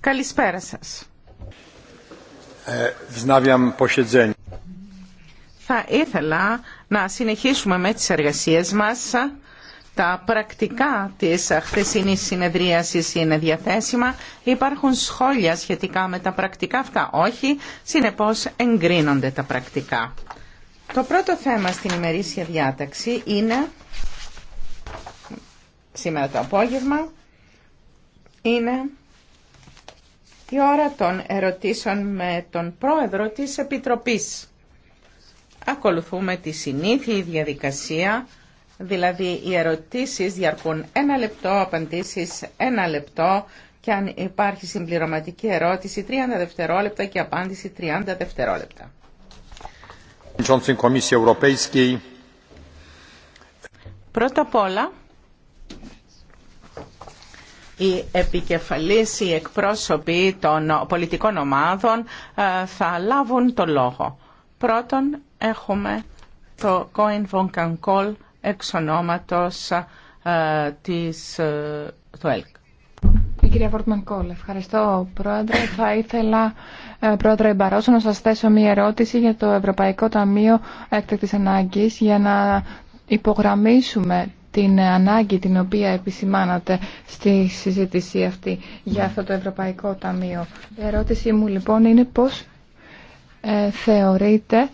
Καλησπέρα σας. Ε, Θα ήθελα να συνεχίσουμε με τις εργασίες μας. Τα πρακτικά της χθεσινής συνεδρίασης είναι διαθέσιμα. Υπάρχουν σχόλια σχετικά με τα πρακτικά αυτά. Όχι, συνεπώς εγκρίνονται τα πρακτικά. Το πρώτο θέμα στην ημερήσια διάταξη είναι σήμερα το απόγευμα είναι η ώρα των ερωτήσεων με τον πρόεδρο της Επιτροπής. Ακολουθούμε τη συνήθη διαδικασία, δηλαδή οι ερωτήσεις διαρκούν ένα λεπτό, απαντήσεις ένα λεπτό και αν υπάρχει συμπληρωματική ερώτηση 30 δευτερόλεπτα και απάντηση 30 δευτερόλεπτα. Πρώτα απ' όλα, οι επικεφαλείς, οι εκπρόσωποι των πολιτικών ομάδων ε, θα λάβουν το λόγο. Πρώτον έχουμε το Coin von εξ ονόματος ε, της, ε, του ΕΛΚ. Η κυρία Βόρτμαν Κόλ, ευχαριστώ πρόεδρε. Θα ήθελα, πρόεδρε Μπαρόσο, να σας θέσω μία ερώτηση για το Ευρωπαϊκό Ταμείο Έκτακτης Ανάγκης για να υπογραμμίσουμε την ανάγκη την οποία επισημάνατε στη συζήτηση αυτή για αυτό το Ευρωπαϊκό Ταμείο. Η ερώτησή μου λοιπόν είναι πώς ε, θεωρείτε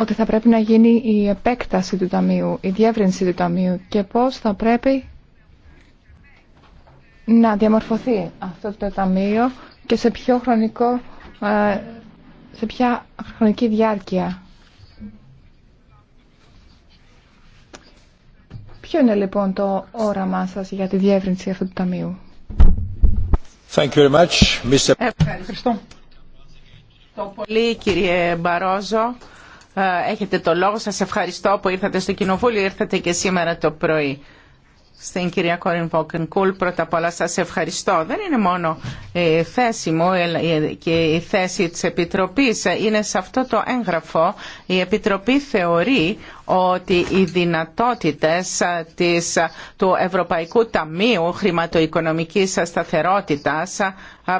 ότι θα πρέπει να γίνει η επέκταση του Ταμείου, η διεύρυνση του Ταμείου και πώς θα πρέπει να διαμορφωθεί αυτό το Ταμείο και σε ποιο χρονικό, ε, σε ποια χρονική διάρκεια Ποιο είναι λοιπόν το όραμά σας για τη διεύρυνση αυτού του Ταμείου. Thank you Ευχαριστώ. Το πολύ κύριε Μπαρόζο. Ε, έχετε το λόγο. Σας ευχαριστώ που ήρθατε στο Κοινοβούλιο. Ήρθατε και σήμερα το πρωί. Στην κυρία Κόριν Βόκενκούλ, πρώτα απ' όλα σας ευχαριστώ. Δεν είναι μόνο η θέση μου και η θέση της Επιτροπής. Είναι σε αυτό το έγγραφο. Η Επιτροπή θεωρεί ότι οι δυνατότητες ε, της, ε, του Ευρωπαϊκού Ταμείου Χρηματοοικονομικής Σταθερότητας ε,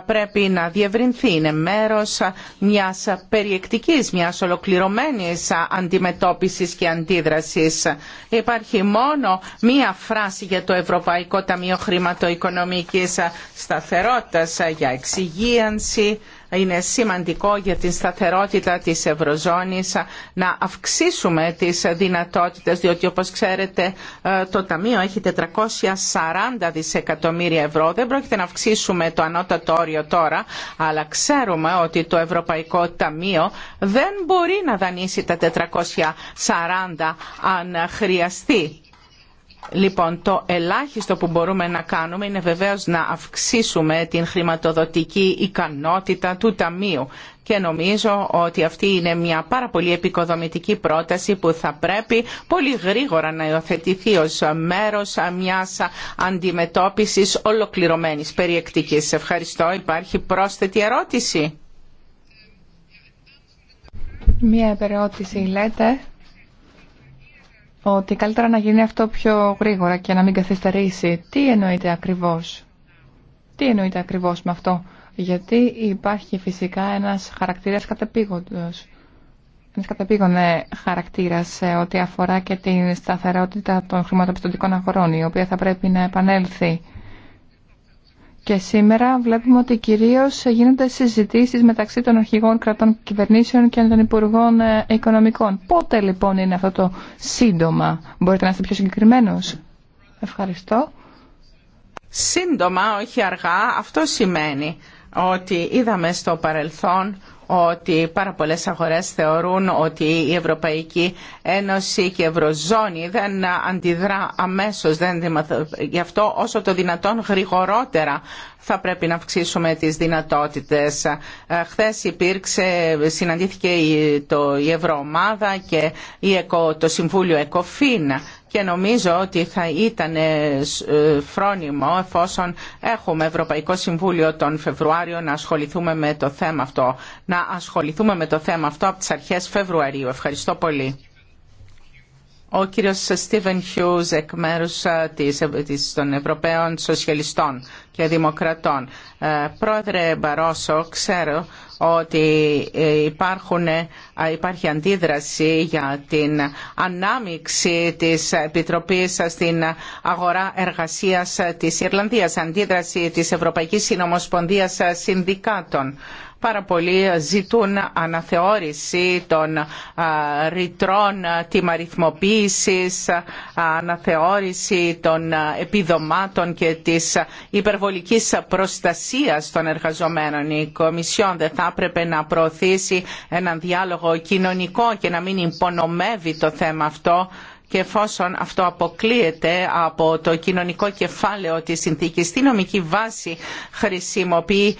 πρέπει να διευρυνθεί. Είναι μέρος μιας περιεκτικής, μιας ολοκληρωμένης αντιμετώπισης και αντίδρασης. Υπάρχει μόνο μία φράση για το Ευρωπαϊκό Ταμείο Χρηματοοικονομικής Σταθερότητας για εξυγίανση, είναι σημαντικό για την σταθερότητα της Ευρωζώνης να αυξήσουμε τις δυνατότητες, διότι όπως ξέρετε ε, το Ταμείο έχει 440 δισεκατομμύρια ευρώ. Δεν πρόκειται να αυξήσουμε το ανώτατο όριο τώρα, αλλά ξέρουμε ότι το Ευρωπαϊκό Ταμείο δεν μπορεί να δανείσει τα 440 αν χρειαστεί Λοιπόν, το ελάχιστο που μπορούμε να κάνουμε είναι βεβαίως να αυξήσουμε την χρηματοδοτική ικανότητα του Ταμείου. Και νομίζω ότι αυτή είναι μια πάρα πολύ επικοδομητική πρόταση που θα πρέπει πολύ γρήγορα να υιοθετηθεί ως μέρος μιας αντιμετώπισης ολοκληρωμένης περιεκτικής. Ευχαριστώ. Υπάρχει πρόσθετη ερώτηση. Μία ερώτηση λέτε ότι καλύτερα να γίνει αυτό πιο γρήγορα και να μην καθυστερήσει. Τι εννοείται ακριβώς. Τι εννοείται ακριβώς με αυτό. Γιατί υπάρχει φυσικά ένας χαρακτήρας καταπήγοντος. Ένας κατεπήγον ε, χαρακτήρας σε ό,τι αφορά και την σταθερότητα των χρηματοπιστωτικών αγορών, η οποία θα πρέπει να επανέλθει και σήμερα βλέπουμε ότι κυρίως γίνονται συζητήσεις μεταξύ των αρχηγών κρατών κυβερνήσεων και των υπουργών ε, οικονομικών. Πότε λοιπόν είναι αυτό το σύντομα. Μπορείτε να είστε πιο συγκεκριμένος. Ευχαριστώ. Σύντομα, όχι αργά, αυτό σημαίνει ότι είδαμε στο παρελθόν ότι πάρα πολλές αγορές θεωρούν ότι η Ευρωπαϊκή Ένωση και η Ευρωζώνη δεν αντιδρά αμέσως. Δεν... Γι' αυτό όσο το δυνατόν γρηγορότερα θα πρέπει να αυξήσουμε τις δυνατότητες. Ε, χθες υπήρξε, συναντήθηκε η, το, η Ευρωομάδα και η το Συμβούλιο ΕΚΟΦΗΝ και νομίζω ότι θα ήταν ε, ε, φρόνιμο εφόσον έχουμε Ευρωπαϊκό Συμβούλιο τον Φεβρουάριο να ασχοληθούμε με το θέμα αυτό. Να ασχοληθούμε με το θέμα αυτό από τις αρχές Φεβρουαρίου. Ευχαριστώ πολύ. Ο κύριος Στίβεν Χιούς εκ μέρους ε, ε, των Ευρωπαίων Σοσιαλιστών και Δημοκρατών. Ε, πρόεδρε Μπαρόσο, ξέρω ότι υπάρχει αντίδραση για την ανάμειξη της Επιτροπής στην αγορά εργασίας της Ιρλανδίας, αντίδραση της Ευρωπαϊκής Συνομοσπονδίας Συνδικάτων. Πάρα πολλοί ζητούν αναθεώρηση των ρητρών τιμαριθμοποίησης, αναθεώρηση των επιδομάτων και της υπερβολικής προστασίας των εργαζομένων. Η Κομισιόν δεν θα έπρεπε να προωθήσει έναν διάλογο κοινωνικό και να μην υπονομεύει το θέμα αυτό και εφόσον αυτό αποκλείεται από το κοινωνικό κεφάλαιο της συνθήκης, τι νομική βάση χρησιμοποιεί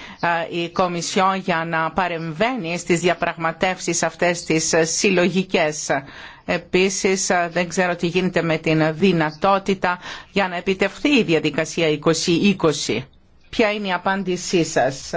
ε, η Κομισιόν για να παρεμβαίνει στις διαπραγματεύσεις αυτές τις συλλογικές. Επίσης ε, δεν ξέρω τι γίνεται με την δυνατότητα για να επιτευχθεί η διαδικασία 2020. Ποια είναι η απάντησή σας.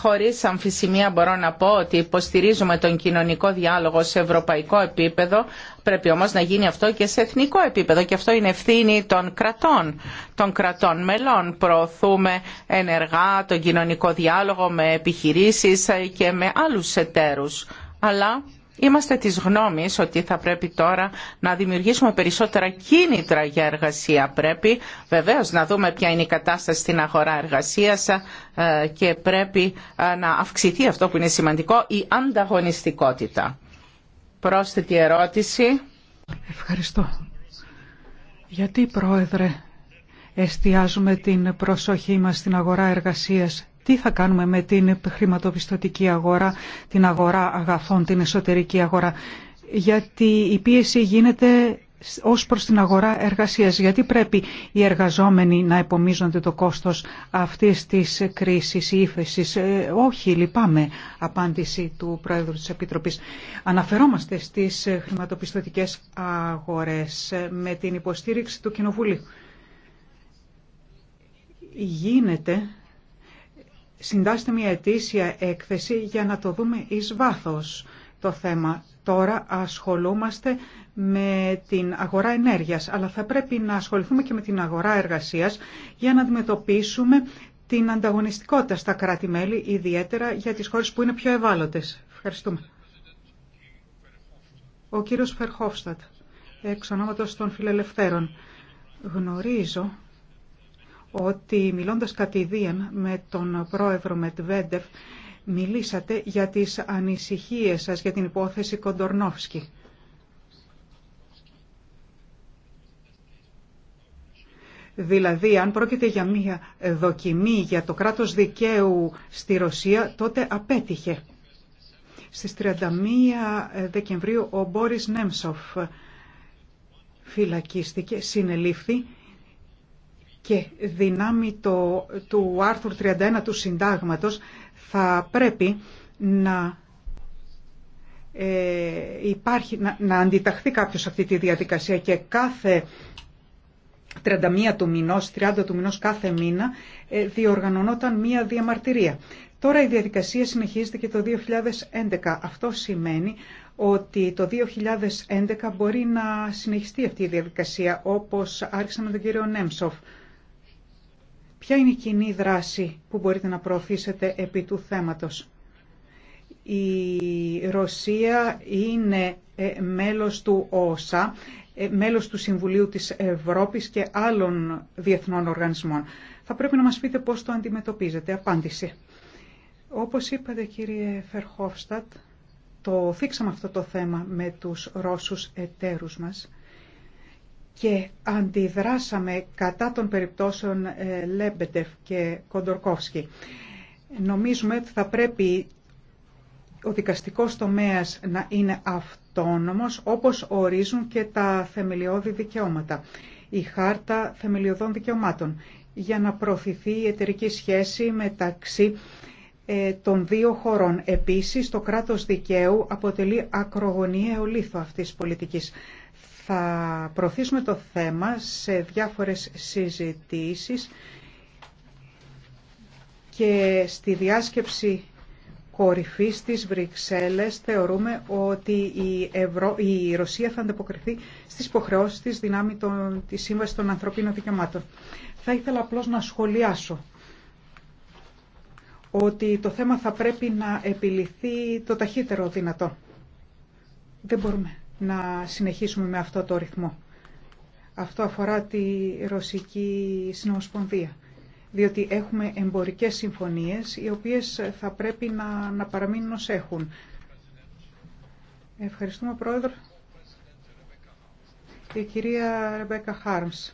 Χωρίς αμφισημία μπορώ να πω ότι υποστηρίζουμε τον κοινωνικό διάλογο σε ευρωπαϊκό επίπεδο, πρέπει όμως να γίνει αυτό και σε εθνικό επίπεδο και αυτό είναι ευθύνη των κρατών, των κρατών μελών. Προωθούμε ενεργά τον κοινωνικό διάλογο με επιχειρήσεις και με άλλους εταίρους. Αλλά Είμαστε της γνώμης ότι θα πρέπει τώρα να δημιουργήσουμε περισσότερα κίνητρα για εργασία. Πρέπει βεβαίως να δούμε ποια είναι η κατάσταση στην αγορά εργασίας ε, και πρέπει ε, να αυξηθεί αυτό που είναι σημαντικό, η ανταγωνιστικότητα. Πρόσθετη ερώτηση. Ευχαριστώ. Γιατί, Πρόεδρε, εστιάζουμε την προσοχή μας στην αγορά εργασίας τι θα κάνουμε με την χρηματοπιστωτική αγορά, την αγορά αγαθών, την εσωτερική αγορά. Γιατί η πίεση γίνεται ως προς την αγορά εργασίας. Γιατί πρέπει οι εργαζόμενοι να επομίζονται το κόστος αυτής της κρίσης ή ύφεσης. Ε, όχι, λυπάμαι, απάντηση του Πρόεδρου της Επιτροπής. Αναφερόμαστε στις χρηματοπιστωτικές αγορές ε, με την υποστήριξη του Κοινοβουλίου. Γίνεται συντάσσετε μια ετήσια έκθεση για να το δούμε εις βάθος το θέμα. Τώρα ασχολούμαστε με την αγορά ενέργειας, αλλά θα πρέπει να ασχοληθούμε και με την αγορά εργασίας για να αντιμετωπίσουμε την ανταγωνιστικότητα στα κράτη-μέλη, ιδιαίτερα για τις χώρες που είναι πιο ευάλωτες. Ευχαριστούμε. Ο κύριος Φερχόφστατ, εξ των Φιλελευθέρων. Γνωρίζω ότι μιλώντας κατηδίαν με τον πρόεδρο Μετβέντεφ μιλήσατε για τις ανησυχίες σας για την υπόθεση Κοντορνόφσκι. Δηλαδή, αν πρόκειται για μία δοκιμή για το κράτος δικαίου στη Ρωσία, τότε απέτυχε. Στις 31 Δεκεμβρίου ο Μπόρις Νέμσοφ φυλακίστηκε, συνελήφθη και δυνάμει του άρθρου 31 του συντάγματος θα πρέπει να, ε, υπάρχει, να, αντιταχθεί κάποιος αυτή τη διαδικασία και κάθε 31 του μηνός, 30 του μηνός κάθε μήνα ε, διοργανωνόταν μία διαμαρτυρία. Τώρα η διαδικασία συνεχίζεται και το 2011. Αυτό σημαίνει ότι το 2011 μπορεί να συνεχιστεί αυτή η διαδικασία όπως άρχισε με τον κύριο Νέμσοφ. Ποια είναι η κοινή δράση που μπορείτε να προωθήσετε επί του θέματος. Η Ρωσία είναι ε, μέλος του ΟΣΑ, ε, μέλος του Συμβουλίου της Ευρώπης και άλλων διεθνών οργανισμών. Θα πρέπει να μας πείτε πώς το αντιμετωπίζετε. Απάντηση. Όπως είπατε κύριε Φερχόφστατ, το θίξαμε αυτό το θέμα με τους Ρώσους εταίρους μας και αντιδράσαμε κατά των περιπτώσεων ε, Λέμπετεφ και Κοντορκόφσκι. Νομίζουμε ότι θα πρέπει ο δικαστικός τομέας να είναι αυτόνομος όπως ορίζουν και τα θεμελιώδη δικαιώματα. Η Χάρτα Θεμελιωδών Δικαιωμάτων για να προωθηθεί η εταιρική σχέση μεταξύ ε, των δύο χωρών. Επίσης, το κράτος δικαίου αποτελεί ακρογωνιαίο λίθο αυτής της πολιτικής θα προωθήσουμε το θέμα σε διάφορες συζητήσεις και στη διάσκεψη κορυφής της Βρυξέλλες θεωρούμε ότι η, η Ρωσία θα ανταποκριθεί στις υποχρεώσεις της δυνάμει των... της Σύμβασης των Ανθρωπίνων Δικαιωμάτων. Θα ήθελα απλώς να σχολιάσω ότι το θέμα θα πρέπει να επιληθεί το ταχύτερο δυνατό. Δεν μπορούμε να συνεχίσουμε με αυτό το ρυθμό. Αυτό αφορά τη Ρωσική Συνομοσπονδία, διότι έχουμε εμπορικές συμφωνίες οι οποίες θα πρέπει να, να παραμείνουν ως έχουν. Ευχαριστούμε, Πρόεδρο. Η κυρία Ρεμπέκα Χάρμς.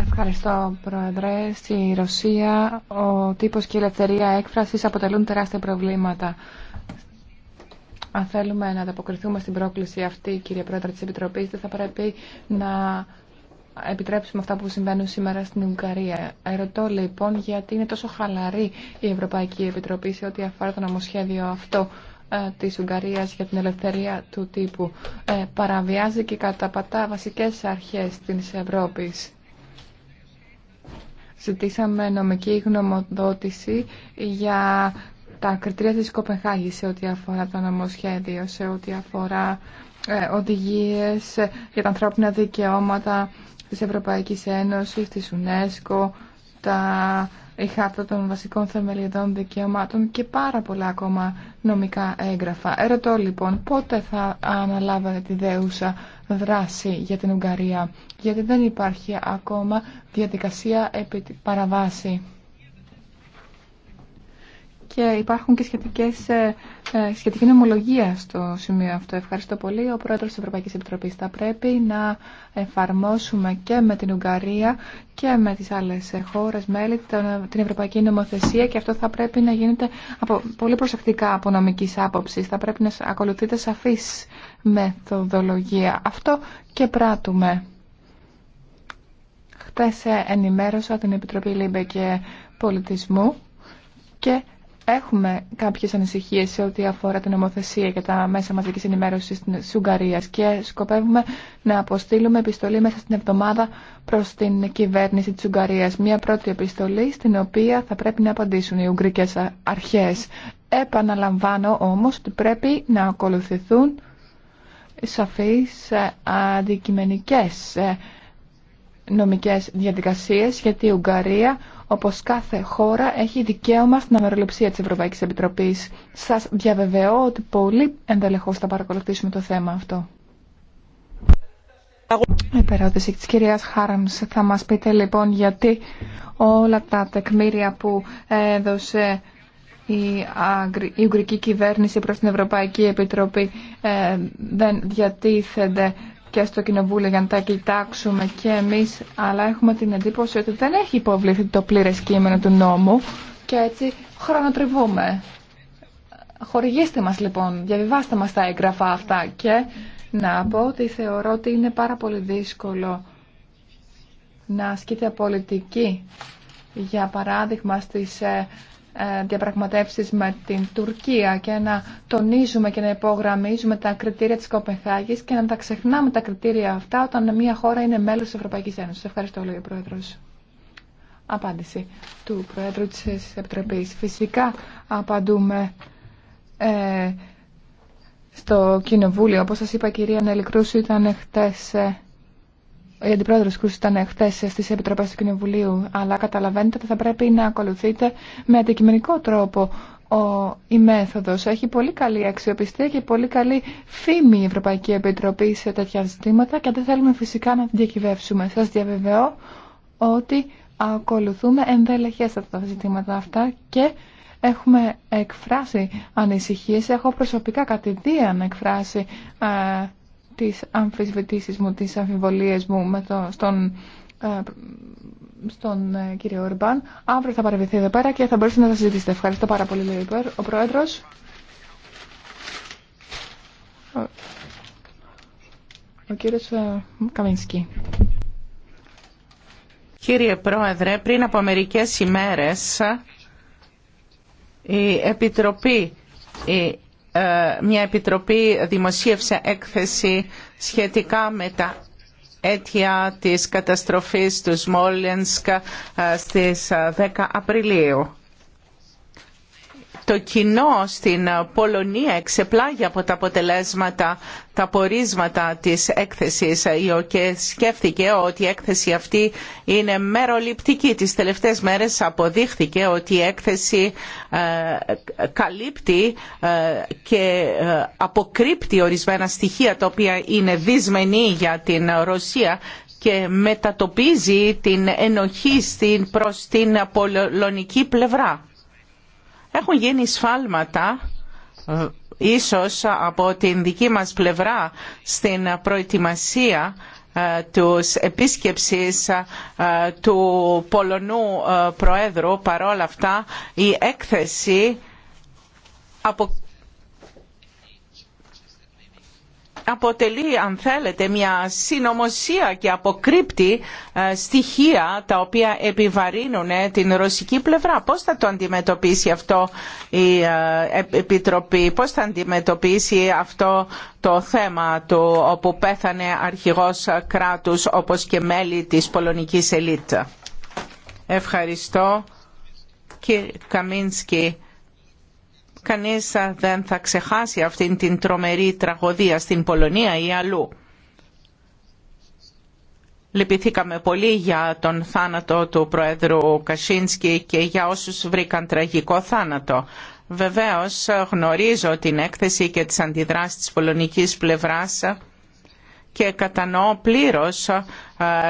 Ευχαριστώ, Πρόεδρε. Στη Ρωσία ο τύπος και η ελευθερία έκφρασης αποτελούν τεράστια προβλήματα αν θέλουμε να ανταποκριθούμε στην πρόκληση αυτή, κύριε Πρόεδρε της Επιτροπής, δεν θα πρέπει να επιτρέψουμε αυτά που συμβαίνουν σήμερα στην Ουγγαρία. Ερωτώ λοιπόν γιατί είναι τόσο χαλαρή η Ευρωπαϊκή Επιτροπή σε ό,τι αφορά το νομοσχέδιο αυτό ε, της Ουγγαρίας για την ελευθερία του τύπου ε, παραβιάζει και καταπατά βασικές αρχές της Ευρώπης. Ζητήσαμε νομική γνωμοδότηση για τα κριτήρια της Κοπεχάγης σε ό,τι αφορά το νομοσχέδιο, σε ό,τι αφορά ε, οδηγίες για τα ανθρώπινα δικαιώματα της Ευρωπαϊκής Ένωσης, της UNESCO, τα η χάρτα των βασικών θεμελιωδών δικαιωμάτων και πάρα πολλά ακόμα νομικά έγγραφα. Ερωτώ λοιπόν πότε θα αναλάβετε τη δέουσα δράση για την Ουγγαρία, γιατί δεν υπάρχει ακόμα διαδικασία επί παραβάση και υπάρχουν και σχετικές, ε, ε, σχετική νομολογία στο σημείο αυτό. Ευχαριστώ πολύ. Ο Πρόεδρος της Ευρωπαϊκής Επιτροπής θα πρέπει να εφαρμόσουμε και με την Ουγγαρία και με τις άλλες χώρες μέλη την Ευρωπαϊκή Νομοθεσία και αυτό θα πρέπει να γίνεται από, πολύ προσεκτικά από νομικής άποψης. Θα πρέπει να ακολουθείτε σαφής μεθοδολογία. Αυτό και πράττουμε. Χτες ενημέρωσα την Επιτροπή Λίμπε και Πολιτισμού και Έχουμε κάποιες ανησυχίες σε ό,τι αφορά την νομοθεσία για τα μέσα μαζικής ενημέρωσης της Ουγγαρίας και σκοπεύουμε να αποστείλουμε επιστολή μέσα στην εβδομάδα προς την κυβέρνηση της Ουγγαρίας. Μία πρώτη επιστολή στην οποία θα πρέπει να απαντήσουν οι Ουγγρικές αρχές. Επαναλαμβάνω όμως ότι πρέπει να ακολουθηθούν σαφείς ε, αντικειμενικές ε, νομικές διαδικασίες γιατί η Ουγγαρία όπως κάθε χώρα έχει δικαίωμα στην αμεροληψία της Ευρωπαϊκής Επιτροπής. Σας διαβεβαιώ ότι πολύ ενδελεχώς θα παρακολουθήσουμε το θέμα αυτό. Η περώτηση της κυρίας Χάραμς θα μας πείτε λοιπόν γιατί όλα τα τεκμήρια που έδωσε η Ουγγρική κυβέρνηση προς την Ευρωπαϊκή Επιτροπή ε, δεν διατίθενται και στο Κοινοβούλιο για να τα κοιτάξουμε και εμείς, αλλά έχουμε την εντύπωση ότι δεν έχει υποβληθεί το πλήρες κείμενο του νόμου και έτσι χρονοτριβούμε. Χορηγήστε μας λοιπόν, διαβιβάστε μας τα έγγραφα αυτά και να πω ότι θεωρώ ότι είναι πάρα πολύ δύσκολο να ασκείται πολιτική, για παράδειγμα στις ε, διαπραγματεύσεις με την Τουρκία και να τονίζουμε και να υπογραμμίζουμε τα κριτήρια της Κοπενχάγης και να τα ξεχνάμε τα κριτήρια αυτά όταν μια χώρα είναι μέλος της Ευρωπαϊκής Ένωσης. Ευχαριστώ, λέει ο Πρόεδρος. Απάντηση του Πρόεδρου της Επιτροπής. Φυσικά απαντούμε ε, στο Κοινοβούλιο. Όπως σας είπα, κυρία Νελικρούση ήταν χτες... Ε, η Αντιπρόεδρο Κρού ήταν χθε στι επιτροπέ του Κοινοβουλίου, αλλά καταλαβαίνετε ότι θα πρέπει να ακολουθείτε με αντικειμενικό τρόπο ο, η μέθοδος. Έχει πολύ καλή αξιοπιστία και πολύ καλή φήμη η Ευρωπαϊκή Επιτροπή σε τέτοια ζητήματα και δεν θέλουμε φυσικά να την διακυβεύσουμε. Σα διαβεβαιώ ότι ακολουθούμε αυτά τα ζητήματα αυτά και έχουμε εκφράσει ανησυχίες. Έχω προσωπικά κατηδίαν εκφράσει ε, τις αμφισβητήσεις μου, τις αμφιβολίες μου με το, στον, ε, στον ε, κύριο Ορμπάν. Αύριο θα παρευρεθεί εδώ πέρα και θα μπορέσετε να τα συζητήσετε. Ευχαριστώ πάρα πολύ, λέει ο Πρόεδρος. Ο, ο κύριος ε, Κύριε Πρόεδρε, πριν από μερικές ημέρες η Επιτροπή ε, μια επιτροπή δημοσίευσε έκθεση σχετικά με τα αίτια της καταστροφής του Σμόλενσκ ε, στις 10 ε, Απριλίου. Το κοινό στην ε, Πολωνία εξεπλάγει από τα αποτελέσματα, τα πορίσματα της έκθεσης ε, και σκέφτηκε ότι η έκθεση αυτή είναι μεροληπτική. Τις τελευταίες μέρες αποδείχθηκε ότι η έκθεση ε, καλύπτει και αποκρύπτει ορισμένα στοιχεία τα οποία είναι δυσμενή για την Ρωσία και μετατοπίζει την ενοχή στην, προς την πολωνική πλευρά. Έχουν γίνει σφάλματα ε, ίσως από την δική μας πλευρά στην προετοιμασία ε, της επίσκεψης ε, του Πολωνού Προέδρου. Παρόλα αυτά η έκθεση αποτελεί αν θέλετε μια συνωμοσία και αποκρύπτει ε, στοιχεία τα οποία επιβαρύνουν ε, την ρωσική πλευρά. Πώς θα το αντιμετωπίσει αυτό η ε, Επιτροπή, πώς θα αντιμετωπίσει αυτό το θέμα του όπου πέθανε αρχηγός κράτους όπως και μέλη της πολωνικής ελίτ. Ευχαριστώ. Κύριε Καμίνσκι, Κανείς δεν θα ξεχάσει αυτήν την τρομερή τραγωδία στην Πολωνία ή αλλού. Λυπηθήκαμε πολύ για τον θάνατο του Προέδρου Κασίνσκι και για όσους βρήκαν τραγικό θάνατο. Βεβαίως γνωρίζω την έκθεση και τις αντιδράσεις της πολωνικής πλευράς και κατανοώ πλήρως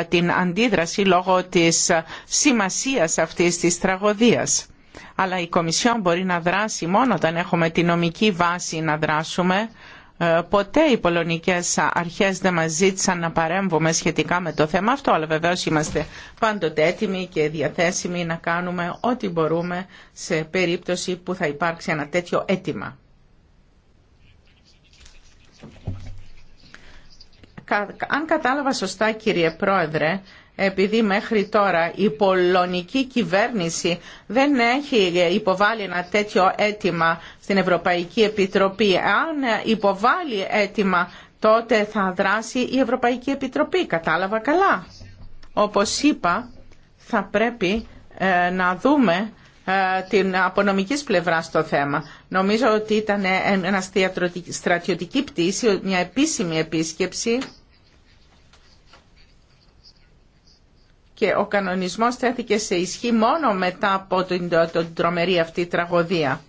την αντίδραση λόγω της σημασίας αυτής της τραγωδίας αλλά η Κομισιόν μπορεί να δράσει μόνο όταν έχουμε τη νομική βάση να δράσουμε. Ε, ποτέ οι πολωνικές αρχές δεν μας ζήτησαν να παρέμβουμε σχετικά με το θέμα αυτό, αλλά βεβαίως είμαστε πάντοτε έτοιμοι και διαθέσιμοι να κάνουμε ό,τι μπορούμε σε περίπτωση που θα υπάρξει ένα τέτοιο αίτημα. Αν κατάλαβα σωστά κύριε Πρόεδρε, επειδή μέχρι τώρα η πολωνική κυβέρνηση δεν έχει υποβάλει ένα τέτοιο αίτημα στην Ευρωπαϊκή Επιτροπή. Αν υποβάλει αίτημα τότε θα δράσει η Ευρωπαϊκή Επιτροπή. Κατάλαβα καλά. Όπως είπα θα πρέπει ε, να δούμε ε, την απονομικής πλευρά στο θέμα. Νομίζω ότι ήταν μια ε, στρατιωτική πτήση, μια επίσημη επίσκεψη και ο κανονισμός στέθηκε σε ισχύ μόνο μετά από την τρομερή αυτή τραγωδία.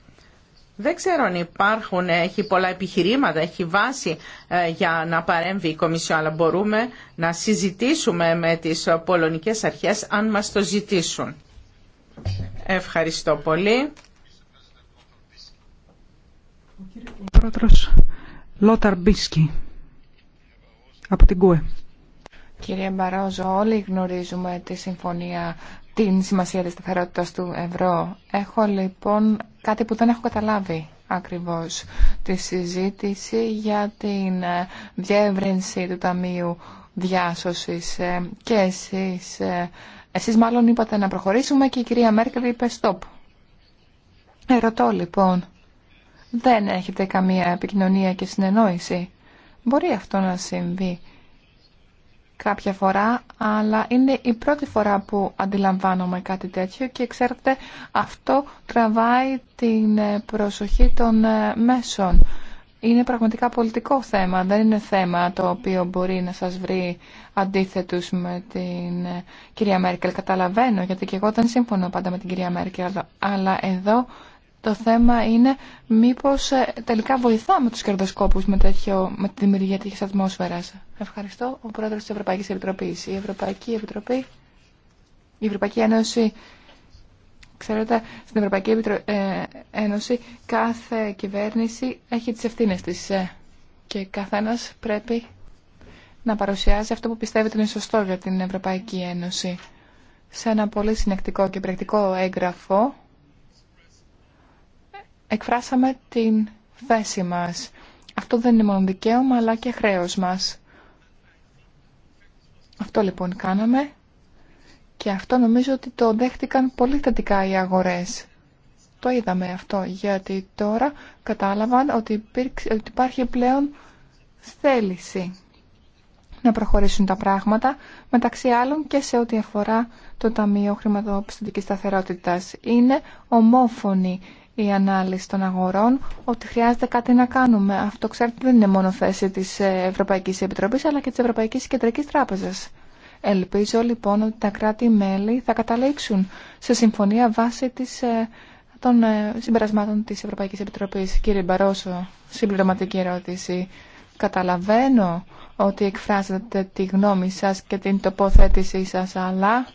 Δεν ξέρω αν υπάρχουν, έχει πολλά επιχειρήματα, έχει βάση ε, για να παρέμβει η Κομισιό, αλλά μπορούμε να συζητήσουμε με τις πολωνικές αρχές αν μας το ζητήσουν. Ευχαριστώ πολύ. Ο πρόεδρος Λόταρ Μπίσκι από την ΚΟΕ. Κύριε Μπαρόζο, όλοι γνωρίζουμε τη συμφωνία, την σημασία της σταθερότητας του ευρώ. Έχω λοιπόν κάτι που δεν έχω καταλάβει ακριβώς τη συζήτηση για την ε, διεύρυνση του Ταμείου Διάσωσης ε, και εσείς, ε, εσείς μάλλον είπατε να προχωρήσουμε και η κυρία Μέρκελ είπε stop. Ερωτώ λοιπόν, δεν έχετε καμία επικοινωνία και συνεννόηση. Μπορεί αυτό να συμβεί κάποια φορά, αλλά είναι η πρώτη φορά που αντιλαμβάνομαι κάτι τέτοιο και ξέρετε αυτό τραβάει την ε, προσοχή των ε, μέσων. Είναι πραγματικά πολιτικό θέμα, δεν είναι θέμα το οποίο μπορεί να σας βρει αντίθετους με την ε, κυρία Μέρκελ. Καταλαβαίνω, γιατί και εγώ δεν σύμφωνο πάντα με την κυρία Μέρκελ, αλλά εδώ το θέμα είναι μήπως ε, τελικά βοηθάμε τους κερδοσκόπους με, τη δημιουργία τέτοιας ατμόσφαιρας. Ευχαριστώ. Ο Πρόεδρος της Ευρωπαϊκής Επιτροπής. Η Ευρωπαϊκή Επιτροπή, η Ευρωπαϊκή Ένωση, ξέρετε, στην Ευρωπαϊκή ε, Ένωση κάθε κυβέρνηση έχει τις ευθύνες της ε, και καθένας πρέπει να παρουσιάζει αυτό που πιστεύει ότι είναι σωστό για την Ευρωπαϊκή Ένωση. Σε ένα πολύ συνεκτικό και πρακτικό έγγραφο εκφράσαμε την θέση μας. Αυτό δεν είναι μόνο δικαίωμα, αλλά και χρέος μας. Αυτό λοιπόν κάναμε και αυτό νομίζω ότι το δέχτηκαν πολύ θετικά οι αγορές. Το είδαμε αυτό, γιατί τώρα κατάλαβαν ότι υπάρχει πλέον θέληση να προχωρήσουν τα πράγματα, μεταξύ άλλων και σε ό,τι αφορά το Ταμείο Χρηματοπιστωτικής Σταθερότητας. Είναι ομόφωνη η ανάλυση των αγορών ότι χρειάζεται κάτι να κάνουμε. Αυτό ξέρετε δεν είναι μόνο θέση της ε, Ευρωπαϊκής Επιτροπής αλλά και της Ευρωπαϊκής Κεντρικής Τράπεζας. Ελπίζω λοιπόν ότι τα κράτη-μέλη θα καταλήξουν σε συμφωνία βάσει της, ε, των ε, συμπερασμάτων της Ευρωπαϊκής Επιτροπής. Κύριε Μπαρόσο, συμπληρωματική ερώτηση. Καταλαβαίνω ότι εκφράζετε τη γνώμη σας και την τοποθέτησή σας, αλλά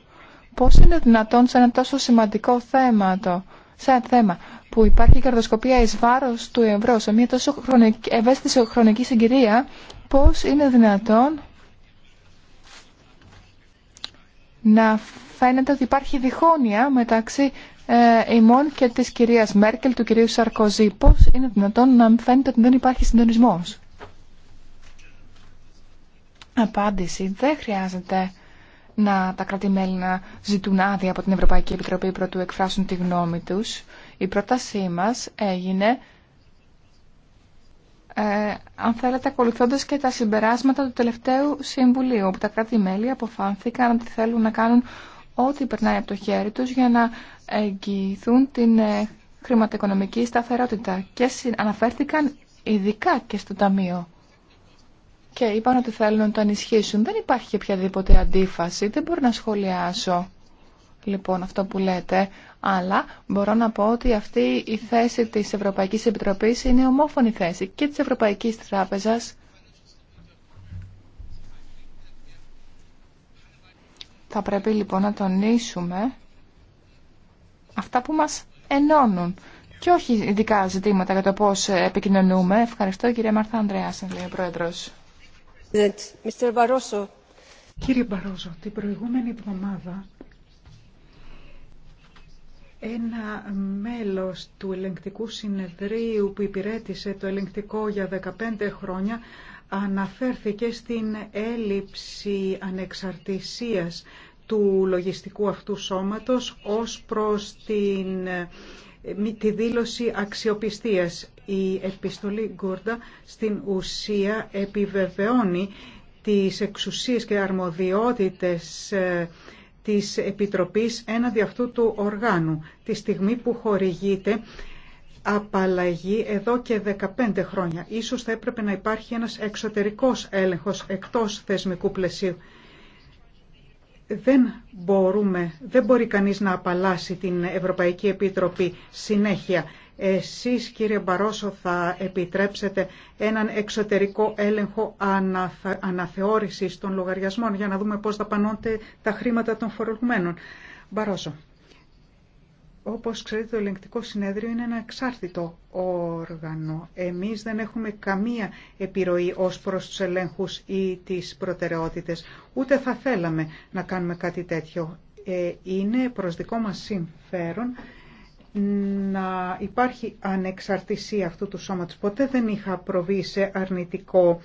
πώς είναι δυνατόν σε ένα τόσο σημαντικό θέμα το σαν θέμα που υπάρχει καρδοσκοπία εις βάρος του ευρώ σε μια τόσο χρονική, ευαίσθητη χρονική συγκυρία, πώς είναι δυνατόν να φαίνεται ότι υπάρχει διχόνοια μεταξύ ε, ημών και της κυρίας Μέρκελ, του κυρίου Σαρκοζή. Πώς είναι δυνατόν να φαίνεται ότι δεν υπάρχει συντονισμός. Απάντηση. Δεν χρειάζεται να τα κράτη-μέλη να ζητούν άδεια από την Ευρωπαϊκή Επιτροπή προτού εκφράσουν τη γνώμη τους. Η πρότασή μας έγινε, ε, αν θέλετε, ακολουθώντα και τα συμπεράσματα του τελευταίου Συμβουλίου, όπου τα κράτη-μέλη αποφάνθηκαν ότι θέλουν να κάνουν ό,τι περνάει από το χέρι τους για να εγγυηθούν την ε, χρηματοοικονομική σταθερότητα και αναφέρθηκαν ειδικά και στο Ταμείο και είπαν ότι θέλουν να το ενισχύσουν. Δεν υπάρχει και οποιαδήποτε αντίφαση, δεν μπορώ να σχολιάσω λοιπόν αυτό που λέτε, αλλά μπορώ να πω ότι αυτή η θέση της Ευρωπαϊκής Επιτροπής είναι ομόφωνη θέση και της Ευρωπαϊκής Τράπεζας Θα πρέπει λοιπόν να τονίσουμε αυτά που μας ενώνουν και όχι ειδικά ζητήματα για το πώς επικοινωνούμε. Ευχαριστώ κυρία Μαρθά σαν λέει ο Πρόεδρος. Κύριε Μπαρόζο, την προηγούμενη εβδομάδα ένα μέλος του ελεγκτικού συνεδρίου που υπηρέτησε το ελεγκτικό για 15 χρόνια αναφέρθηκε στην έλλειψη ανεξαρτησίας του λογιστικού αυτού σώματος ως προς την τη δήλωση αξιοπιστίας. Η επιστολή Γκούρντα στην ουσία επιβεβαιώνει τις εξουσίες και αρμοδιότητες ε, της Επιτροπής έναντι αυτού του οργάνου, τη στιγμή που χορηγείται απαλλαγή εδώ και 15 χρόνια. Ίσως θα έπρεπε να υπάρχει ένας εξωτερικός έλεγχος εκτός θεσμικού πλαισίου δεν μπορούμε, δεν μπορεί κανείς να απαλλάσει την Ευρωπαϊκή Επίτροπη συνέχεια. Εσείς κύριε Μπαρόσο θα επιτρέψετε έναν εξωτερικό έλεγχο αναθεώρησης των λογαριασμών για να δούμε πώς δαπανώνται τα χρήματα των φορολογουμένων. Μπαρόσο. Όπως ξέρετε το ελεγκτικό συνέδριο είναι ένα εξάρτητο όργανο. Εμείς δεν έχουμε καμία επιρροή ως προς τους ελέγχους ή τις προτεραιότητες. Ούτε θα θέλαμε να κάνουμε κάτι τέτοιο. Ε, είναι προς δικό μας συμφέρον να υπάρχει ανεξαρτησία αυτού του σώματος. Ποτέ δεν είχα προβεί σε αρνητικό,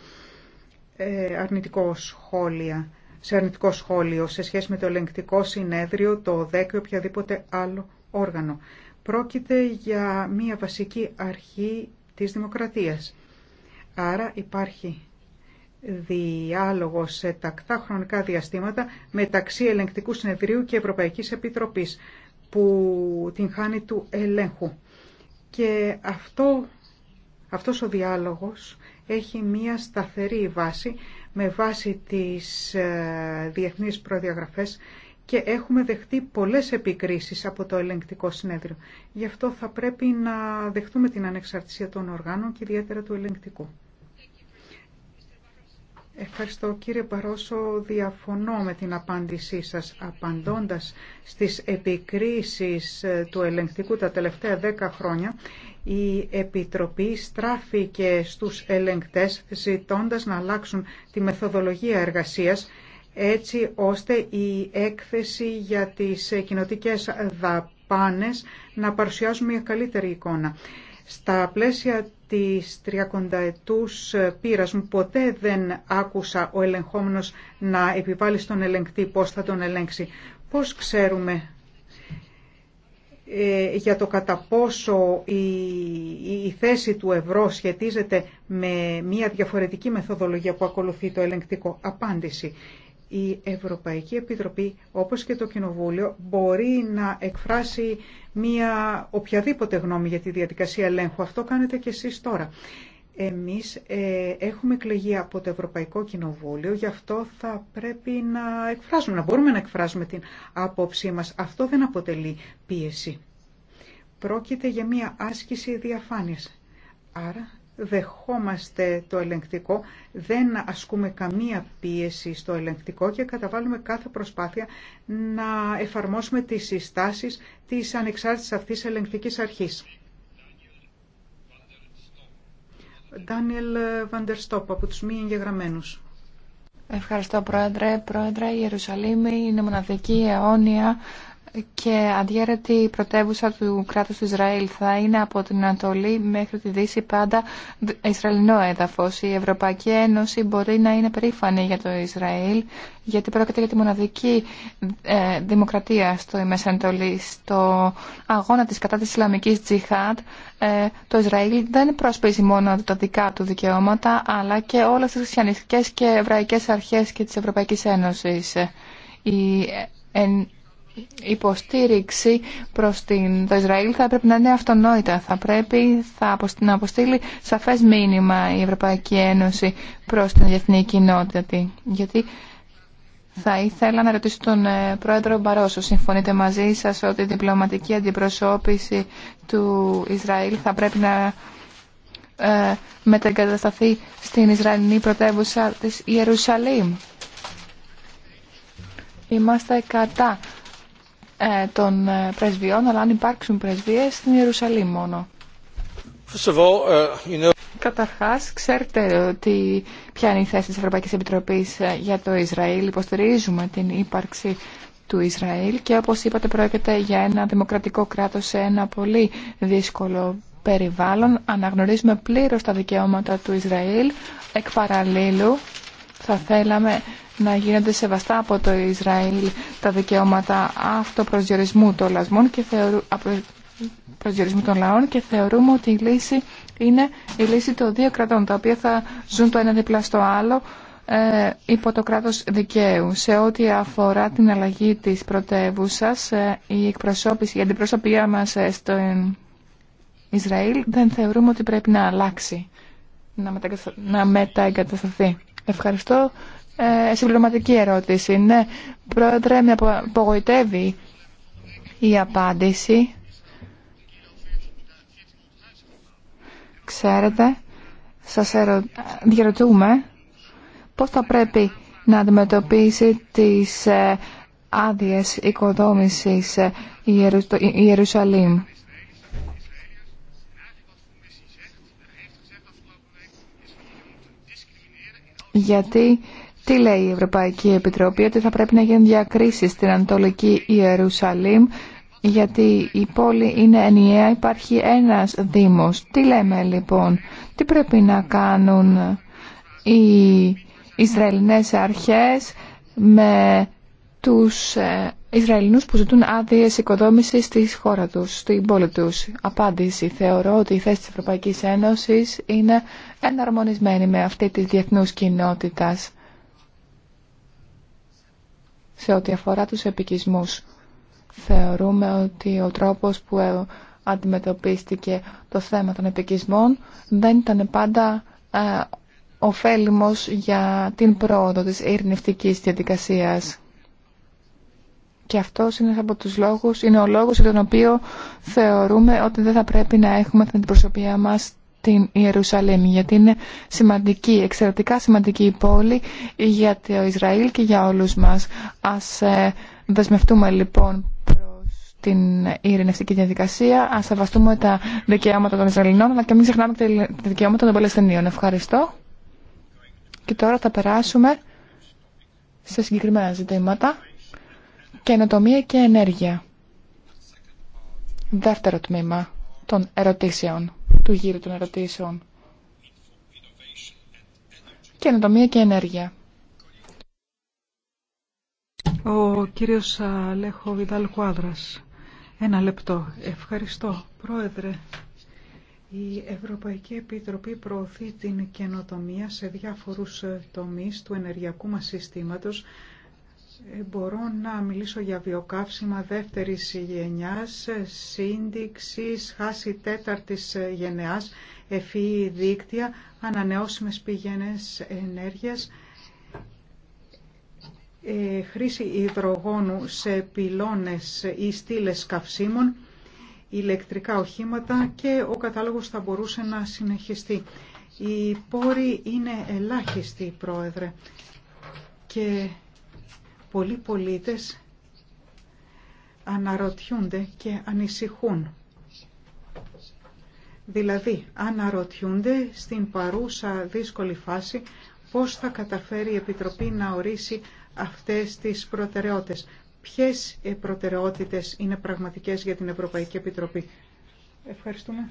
ε, αρνητικό σχόλια σε αρνητικό σχόλιο σε σχέση με το ελεγκτικό συνέδριο, το 10 ή οποιαδήποτε άλλο όργανο. Πρόκειται για μία βασική αρχή της δημοκρατίας. Άρα υπάρχει διάλογο σε τακτά χρονικά διαστήματα μεταξύ ελεγκτικού συνεδρίου και Ευρωπαϊκής Επιτροπής που την χάνει του ελέγχου. Και αυτό, αυτός ο διάλογος έχει μία σταθερή βάση με βάση τις ε, διεθνείς προδιαγραφές και έχουμε δεχτεί πολλές επικρίσεις από το ελεγκτικό συνέδριο. Γι' αυτό θα πρέπει να δεχτούμε την ανεξαρτησία των οργάνων και ιδιαίτερα του ελεγκτικού. Ευχαριστώ κύριε Παρόσο, διαφωνώ με την απάντησή σας. Απαντώντας στις επικρίσεις ε, του ελεγκτικού τα τελευταία δέκα χρόνια, η Επιτροπή στράφηκε στους ελεγκτές ζητώντας να αλλάξουν τη μεθοδολογία εργασίας έτσι ώστε η έκθεση για τις κοινοτικές δαπάνες να παρουσιάζουν μια καλύτερη εικόνα. Στα πλαίσια της 30 ετούς πείρας μου ποτέ δεν άκουσα ο ελεγχόμενος να επιβάλλει στον ελεγκτή πώς θα τον ελέγξει. Πώς ξέρουμε ε, για το κατά πόσο η θέση του ευρώ σχετίζεται με μια διαφορετική μεθοδολογία που ακολουθεί το ελεγκτικό. Απάντηση. Η Ευρωπαϊκή Επιτροπή, όπως και το Κοινοβούλιο, μπορεί να εκφράσει μια οποιαδήποτε γνώμη για τη διαδικασία ελέγχου. Αυτό κάνετε και εσείς τώρα. Εμείς ε, έχουμε εκλεγεί από το Ευρωπαϊκό Κοινοβούλιο, γι' αυτό θα πρέπει να εκφράζουμε, να μπορούμε να εκφράζουμε την άποψή μας. Αυτό δεν αποτελεί πίεση. Πρόκειται για μια άσκηση διαφάνειας. Άρα δεχόμαστε το ελεγκτικό, δεν ασκούμε καμία πίεση στο ελεγκτικό και καταβάλουμε κάθε προσπάθεια να εφαρμόσουμε τις συστάσεις της ανεξάρτησης αυτής ελεγκτικής αρχής. Ντάνιελ Βαντερστόπ από τους μη εγγεγραμμένους. Ευχαριστώ Πρόεδρε. Πρόεδρε, η Ιερουσαλήμ είναι μοναδική αιώνια και αδιέρετη πρωτεύουσα του κράτους του Ισραήλ θα είναι από την Ανατολή μέχρι τη Δύση πάντα Ισραηλινό έδαφος. Η Ευρωπαϊκή Ένωση μπορεί να είναι περήφανη για το Ισραήλ γιατί πρόκειται για τη μοναδική ε, δημοκρατία στο Μέσο Στο αγώνα της κατά της Ισλαμικής Τζιχάτ ε, το Ισραήλ δεν προσπίζει μόνο τα δικά του δικαιώματα αλλά και όλες τις χριστιανιστικές και εβραϊκές αρχές και της Ευρωπαϊκής Ένωσης. Ε, υποστήριξη προς την, το Ισραήλ θα πρέπει να είναι αυτονόητα. Θα πρέπει θα να αποστείλει σαφές μήνυμα η Ευρωπαϊκή Ένωση προς την διεθνή κοινότητα. Γιατί θα ήθελα να ρωτήσω τον ε, Πρόεδρο Μπαρόσο. Συμφωνείτε μαζί σας ότι η διπλωματική αντιπροσώπηση του Ισραήλ θα πρέπει να ε, μετεγκατασταθεί στην Ισραηλινή πρωτεύουσα της Ιερουσαλήμ. Είμαστε κατά ε, των ε, πρεσβειών, αλλά αν υπάρξουν πρεσβείες στην Ιερουσαλήμ μόνο. Uh, Καταρχάς, ξέρετε ότι ποια είναι η θέση της Ευρωπαϊκής Επιτροπής ε, για το Ισραήλ. Υποστηρίζουμε την ύπαρξη του Ισραήλ και όπως είπατε πρόκειται για ένα δημοκρατικό κράτος σε ένα πολύ δύσκολο περιβάλλον. Αναγνωρίζουμε πλήρως τα δικαιώματα του Ισραήλ. Εκ παραλλήλου θα θέλαμε να γίνονται σεβαστά από το Ισραήλ τα δικαιώματα αυτοπροσδιορισμού των λασμών και θεωρού, προσδιορισμού των λαών και θεωρούμε ότι η λύση είναι η λύση των δύο κρατών τα οποία θα ζουν το ένα δίπλα στο άλλο ε, υπό το κράτος δικαίου. Σε ό,τι αφορά την αλλαγή της πρωτεύουσα, ε, η εκπροσώπηση, η αντιπροσωπία μας ε, στο Ισραήλ δεν θεωρούμε ότι πρέπει να αλλάξει, να, να μεταεγκατασταθεί. Ευχαριστώ ε, συμπληρωματική ερώτηση. Ναι, Πρόεδρε, με απογοητεύει η απάντηση. Ξέρετε, σας ερω... διαρωτούμε πώς θα πρέπει να αντιμετωπίσει τις ε, άδειες οικοδόμησης ε, Ιερουσαλήμ. Γιατί τι λέει η Ευρωπαϊκή Επιτροπή ότι θα πρέπει να γίνουν διακρίσεις στην Ανατολική Ιερουσαλήμ γιατί η πόλη είναι ενιαία, υπάρχει ένας δήμος. Τι λέμε λοιπόν, τι πρέπει να κάνουν οι Ισραηλινές αρχές με τους ε, Ισραηλινούς που ζητούν άδειες οικοδόμησης στη χώρα τους, στην πόλη τους. Απάντηση. Θεωρώ ότι η θέση της Ευρωπαϊκής Ένωσης είναι εναρμονισμένη με αυτή της διεθνούς κοινότητας σε ό,τι αφορά τους επικισμούς. Θεωρούμε ότι ο τρόπος που ε, αντιμετωπίστηκε το θέμα των επικισμών δεν ήταν πάντα ε, ωφέλιμος για την πρόοδο της ειρνευτικής διαδικασίας. Και αυτό είναι από τους λόγους, είναι ο λόγος για τον οποίο θεωρούμε ότι δεν θα πρέπει να έχουμε την προσωπία μας την Ιερουσαλήμ, γιατί είναι σημαντική, εξαιρετικά σημαντική η πόλη για το Ισραήλ και για όλους μας. Ας ε, δεσμευτούμε λοιπόν προς την ειρηνευτική διαδικασία, ας σεβαστούμε τα δικαιώματα των Ισραηλινών, αλλά και μην ξεχνάμε τα δικαιώματα των Παλαιστινίων. Ευχαριστώ. Και τώρα θα περάσουμε σε συγκεκριμένα ζητήματα. Καινοτομία και ενέργεια. Δεύτερο τμήμα των ερωτήσεων του γύρου των ερωτήσεων. Καινοτομία και ενέργεια. Ο κύριος Αλέχο Βιδάλ Κουάδρας. Ένα λεπτό. Ευχαριστώ. Πρόεδρε, η Ευρωπαϊκή Επιτροπή προωθεί την καινοτομία σε διάφορους τομείς του ενεργειακού μας συστήματος ε, μπορώ να μιλήσω για βιοκαύσιμα δεύτερης γενιάς, σύνδεξης, χάση τέταρτης γενεάς, εφή δίκτυα, ανανεώσιμες πηγαίνες ενέργειας, ε, χρήση υδρογόνου σε πυλώνες ή στήλες καυσίμων, ηλεκτρικά οχήματα και ο κατάλογος θα μπορούσε να συνεχιστεί. Οι πόροι είναι ελάχιστοι, Πρόεδρε, και πολλοί πολίτες αναρωτιούνται και ανησυχούν. Δηλαδή, αναρωτιούνται στην παρούσα δύσκολη φάση πώς θα καταφέρει η Επιτροπή να ορίσει αυτές τις προτεραιότητες. Ποιες προτεραιότητες είναι πραγματικές για την Ευρωπαϊκή Επιτροπή. Ευχαριστούμε.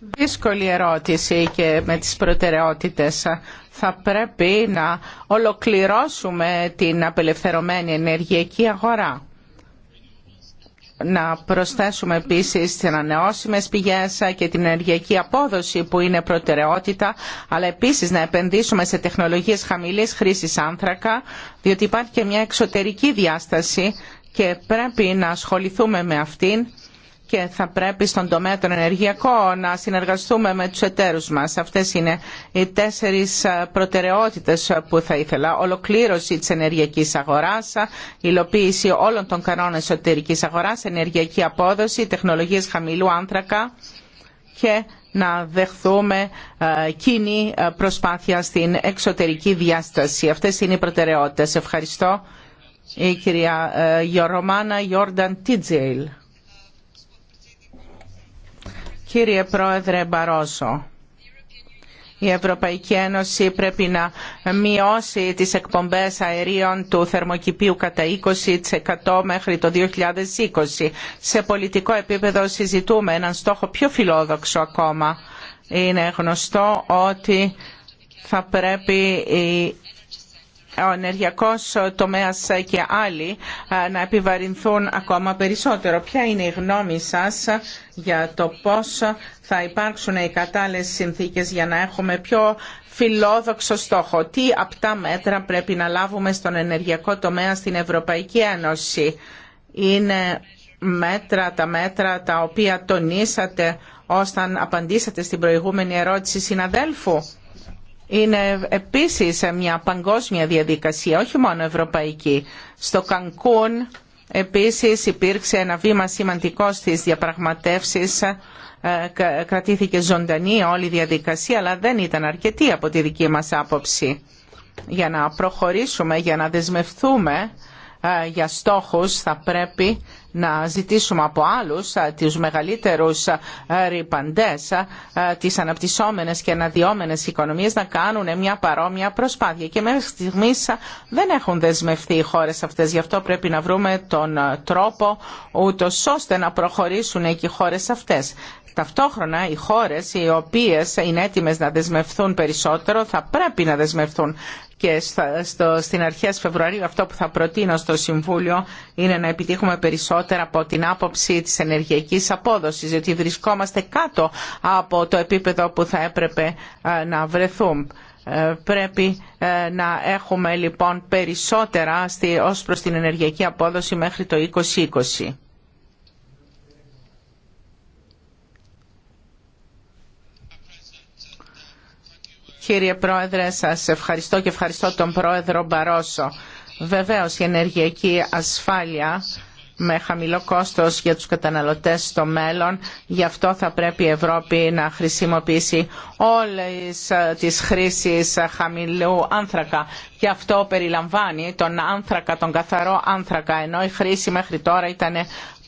Δύσκολη ερώτηση και με τις προτεραιότητες. Θα πρέπει να ολοκληρώσουμε την απελευθερωμένη ενεργειακή αγορά. Να προσθέσουμε επίσης τις ανανεώσιμες πηγές και την ενεργειακή απόδοση που είναι προτεραιότητα, αλλά επίσης να επενδύσουμε σε τεχνολογίες χαμηλής χρήσης άνθρακα, διότι υπάρχει και μια εξωτερική διάσταση και πρέπει να ασχοληθούμε με αυτήν και θα πρέπει στον τομέα των ενεργειακών να συνεργαστούμε με τους εταίρους μας. Αυτές είναι οι τέσσερις προτεραιότητες που θα ήθελα. Ολοκλήρωση της ενεργειακής αγοράς, υλοποίηση όλων των κανόνων εσωτερικής αγοράς, ενεργειακή απόδοση, τεχνολογίες χαμηλού άνθρακα και να δεχθούμε κοινή προσπάθεια στην εξωτερική διάσταση. Αυτές είναι οι προτεραιότητες. Ευχαριστώ η κυρία ε, Γιωρομάνα Γιόρνταν Κύριε Πρόεδρε Μπαρόσο, η Ευρωπαϊκή Ένωση πρέπει να μειώσει τις εκπομπές αερίων του θερμοκηπίου κατά 20% μέχρι το 2020. Σε πολιτικό επίπεδο συζητούμε έναν στόχο πιο φιλόδοξο ακόμα. Είναι γνωστό ότι θα πρέπει η ο ενεργειακός τομέας και άλλοι να επιβαρυνθούν ακόμα περισσότερο. Ποια είναι η γνώμη σας για το πώς θα υπάρξουν οι κατάλληλες συνθήκες για να έχουμε πιο φιλόδοξο στόχο. Τι απτά μέτρα πρέπει να λάβουμε στον ενεργειακό τομέα στην Ευρωπαϊκή Ένωση. Είναι μέτρα, τα μέτρα τα οποία τονίσατε όταν απαντήσατε στην προηγούμενη ερώτηση συναδέλφου είναι επίσης μια παγκόσμια διαδικασία, όχι μόνο ευρωπαϊκή. Στο Κανκούν επίσης υπήρξε ένα βήμα σημαντικό στις διαπραγματεύσεις ε, κρατήθηκε ζωντανή όλη η διαδικασία αλλά δεν ήταν αρκετή από τη δική μας άποψη για να προχωρήσουμε, για να δεσμευθούμε. Ε, για στόχους θα πρέπει να ζητήσουμε από άλλους ε, τους μεγαλύτερους ε, ρηπαντές τις αναπτυσσόμενες και αναδυόμενες οικονομίες να κάνουν μια παρόμοια προσπάθεια και μέχρι στιγμή δεν έχουν δεσμευτεί οι χώρες αυτές γι' αυτό πρέπει να βρούμε τον τρόπο ούτω ώστε να προχωρήσουν και οι χώρες αυτές. Ταυτόχρονα οι χώρες οι οποίες είναι έτοιμες να δεσμευθούν περισσότερο θα πρέπει να δεσμευθούν και στην αρχές Φεβρουαρίου αυτό που θα προτείνω στο Συμβούλιο είναι να επιτύχουμε περισσότερα από την άποψη της ενεργειακής απόδοσης, διότι βρισκόμαστε κάτω από το επίπεδο που θα έπρεπε ε, να βρεθούμε ε, πρέπει ε, να έχουμε λοιπόν περισσότερα ως προς την ενεργειακή απόδοση μέχρι το 2020. Κύριε Πρόεδρε, σας ευχαριστώ και ευχαριστώ τον Πρόεδρο Μπαρόσο. Βεβαίως η ενεργειακή ασφάλεια με χαμηλό κόστος για τους καταναλωτές στο μέλλον. Γι' αυτό θα πρέπει η Ευρώπη να χρησιμοποιήσει όλες ε, τις χρήσεις χαμηλού άνθρακα. Γι' αυτό περιλαμβάνει τον άνθρακα, τον καθαρό άνθρακα, ενώ η χρήση μέχρι τώρα ήταν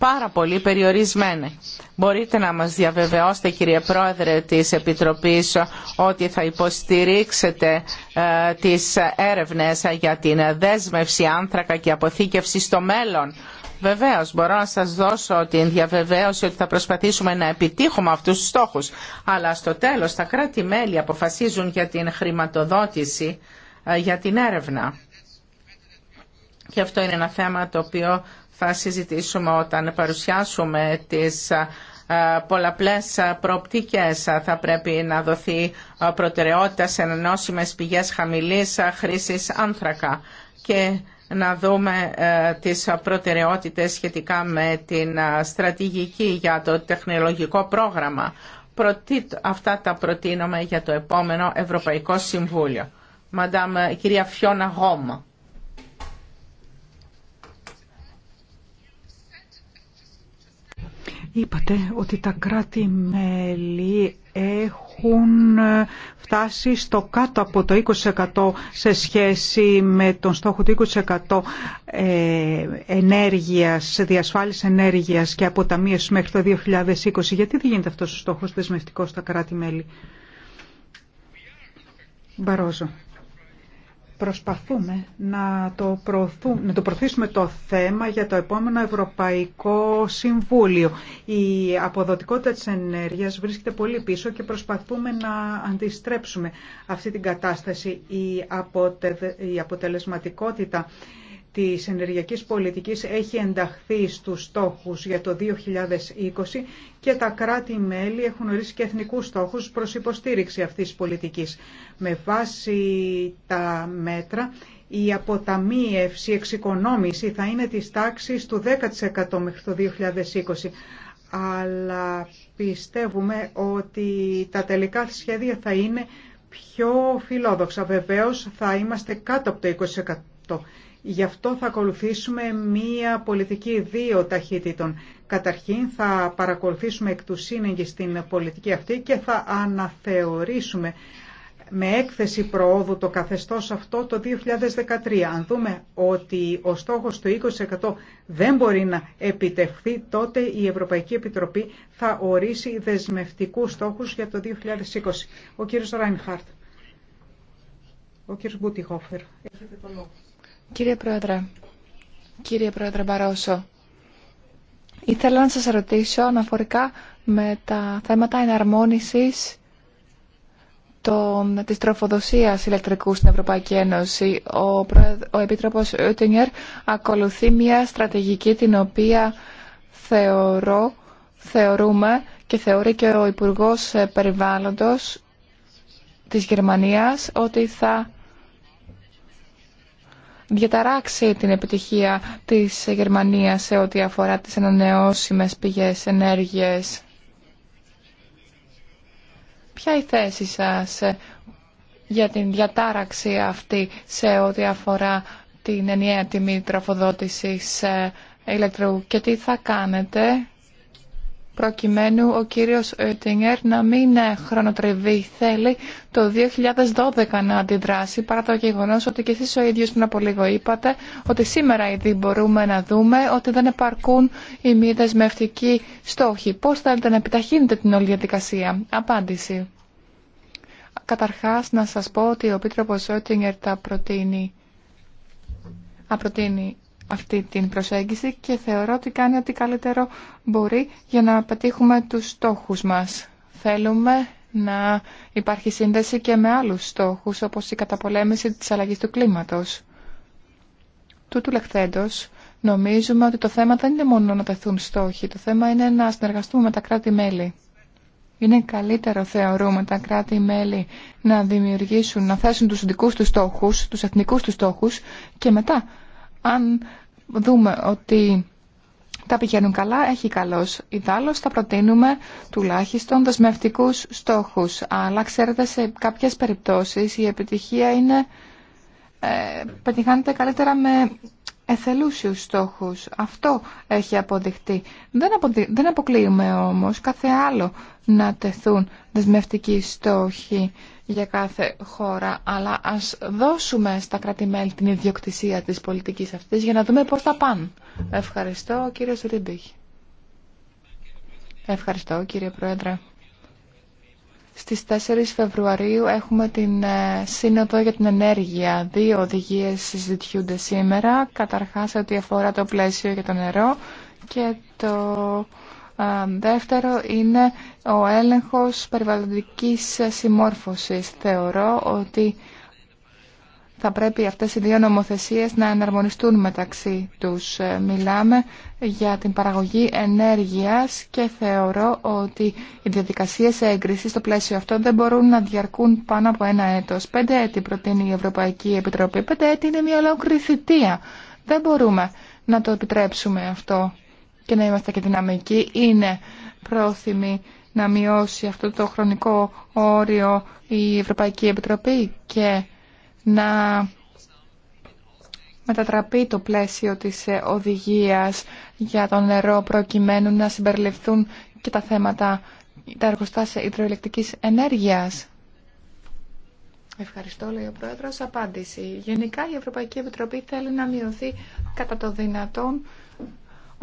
πάρα πολύ περιορισμένη. Μπορείτε να μας διαβεβαιώσετε κύριε Πρόεδρε της Επιτροπής ότι θα υποστηρίξετε ε, τις έρευνες για την δέσμευση άνθρακα και αποθήκευση στο μέλλον. Βεβαίω, μπορώ να σας δώσω την διαβεβαίωση ότι θα προσπαθήσουμε να επιτύχουμε αυτούς τους στόχους. Αλλά στο τέλος τα κράτη-μέλη αποφασίζουν για την χρηματοδότηση ε, για την έρευνα. Και αυτό είναι ένα θέμα το οποίο θα συζητήσουμε όταν παρουσιάσουμε τις πολλαπλές προοπτικές. Θα πρέπει να δοθεί προτεραιότητα σε ενώσιμες πηγές χαμηλής χρήσης άνθρακα και να δούμε ε, τις προτεραιότητες σχετικά με την στρατηγική για το τεχνολογικό πρόγραμμα. Αυτά τα προτείνουμε για το επόμενο Ευρωπαϊκό Συμβούλιο. Ε, κυρία Φιώνα γόμ. Είπατε ότι τα κράτη-μέλη έχουν ε, φτάσει στο κάτω από το 20% σε σχέση με τον στόχο του 20% ε, ενέργειας, διασφάλιση ενέργειας και αποταμίευση μέχρι το 2020. Γιατί δεν γίνεται αυτός ο στόχος δεσμευτικός στα κράτη-μέλη. Μπαρόζο. Προσπαθούμε να το, να το προωθήσουμε το θέμα για το επόμενο Ευρωπαϊκό Συμβούλιο. Η αποδοτικότητα της ενέργειας βρίσκεται πολύ πίσω και προσπαθούμε να αντιστρέψουμε αυτή την κατάσταση. Η αποτελεσματικότητα της ενεργειακής πολιτικής έχει ενταχθεί στους στόχους για το 2020 και τα κράτη-μέλη έχουν ορίσει και εθνικούς στόχους προς υποστήριξη αυτής της πολιτικής. Με βάση τα μέτρα η αποταμίευση, η εξοικονόμηση θα είναι της τάξης του 10% μέχρι το 2020 αλλά πιστεύουμε ότι τα τελικά σχέδια θα είναι πιο φιλόδοξα. Βεβαίως θα είμαστε κάτω από το 20%. Γι' αυτό θα ακολουθήσουμε μία πολιτική δύο ταχύτητων. Καταρχήν θα παρακολουθήσουμε εκ του σύνεγγυ την πολιτική αυτή και θα αναθεωρήσουμε με έκθεση προόδου το καθεστώς αυτό το 2013. Αν δούμε ότι ο στόχος του 20% δεν μπορεί να επιτευχθεί, τότε η Ευρωπαϊκή Επιτροπή θα ορίσει δεσμευτικούς στόχους για το 2020. Ο κύριος Ράινχαρτ. Ο κύριος Μπουτιχόφερ. Έχετε το λόγο. Κύριε Πρόεδρε, κύριε Πρόεδρε Μπαρόσο, ήθελα να σας ρωτήσω αναφορικά με τα θέματα εναρμόνισης των, της τροφοδοσίας ηλεκτρικού στην Ευρωπαϊκή Ένωση. Ο, ο Επίτροπος ακολουθεί μια στρατηγική την οποία θεωρώ, θεωρούμε και θεωρεί και ο Υπουργός Περιβάλλοντος της Γερμανίας ότι θα διαταράξει την επιτυχία της Γερμανίας σε ό,τι αφορά τις ανανεώσιμες πηγές ενέργειας. Ποια η θέση σας για την διατάραξη αυτή σε ό,τι αφορά την ενιαία τιμή τροφοδότησης ε, ηλεκτρού και τι θα κάνετε προκειμένου ο κύριος Οιτινγκέρ να μην χρονοτρεβεί. Θέλει το 2012 να αντιδράσει παρά το γεγονός ότι και εσείς ο ίδιος πριν από λίγο είπατε ότι σήμερα ήδη μπορούμε να δούμε ότι δεν επαρκούν οι μη δεσμευτικοί στόχοι. Πώς θέλετε να επιταχύνετε την όλη διαδικασία. Απάντηση. Καταρχάς να σας πω ότι ο Πίτροπος Οιτινγκέρ τα προτείνει. Απροτείνει αυτή την προσέγγιση και θεωρώ ότι κάνει ό,τι καλύτερο μπορεί για να πετύχουμε τους στόχους μας. Θέλουμε να υπάρχει σύνδεση και με άλλους στόχους, όπως η καταπολέμηση της αλλαγής του κλίματος. Τούτου λεχθέντος, νομίζουμε ότι το θέμα δεν είναι μόνο να τεθούν στόχοι, το θέμα είναι να συνεργαστούμε με τα κράτη-μέλη. Είναι καλύτερο, θεωρούμε, τα κράτη-μέλη να δημιουργήσουν, να θέσουν τους δικούς τους στόχους, τους εθνικούς τους στόχους και μετά αν δούμε ότι τα πηγαίνουν καλά, έχει καλός. Ιδάλλως θα προτείνουμε τουλάχιστον δεσμευτικούς στόχους. Αλλά ξέρετε σε κάποιες περιπτώσεις η επιτυχία είναι ε, πετυχάνεται καλύτερα με εθελούσιους στόχους. Αυτό έχει αποδειχτεί. Δεν, αποδει... δεν αποκλείουμε όμως κάθε άλλο να τεθούν δεσμευτικοί στόχοι για κάθε χώρα, αλλά ας δώσουμε στα κρατη την ιδιοκτησία της πολιτικής αυτής για να δούμε πώς θα πάνε. Ευχαριστώ, κύριε Ρίμπιχ. Ευχαριστώ, κύριε Πρόεδρε. Στις 4 Φεβρουαρίου έχουμε την ε, Σύνοδο για την Ενέργεια. Δύο οδηγίες συζητιούνται σήμερα. Καταρχάς, ό,τι αφορά το πλαίσιο για το νερό και το Δεύτερο είναι ο έλεγχος περιβαλλοντικής συμμόρφωσης. Θεωρώ ότι θα πρέπει αυτές οι δύο νομοθεσίες να εναρμονιστούν μεταξύ τους. Μιλάμε για την παραγωγή ενέργειας και θεωρώ ότι οι διαδικασίες έγκρισης στο πλαίσιο αυτό δεν μπορούν να διαρκούν πάνω από ένα έτος. Πέντε έτη προτείνει η Ευρωπαϊκή Επιτροπή. Πέντε έτη είναι μια Δεν μπορούμε να το επιτρέψουμε αυτό και να είμαστε και δυναμικοί, είναι πρόθυμοι να μειώσει αυτό το χρονικό όριο η Ευρωπαϊκή Επιτροπή και να μετατραπεί το πλαίσιο της ε, οδηγίας για το νερό προκειμένου να συμπεριληφθούν και τα θέματα τα εργοστάσια υδροελεκτικής ενέργειας. Ευχαριστώ, λέει ο Πρόεδρος. Απάντηση. Γενικά η Ευρωπαϊκή Επιτροπή θέλει να μειωθεί κατά το δυνατόν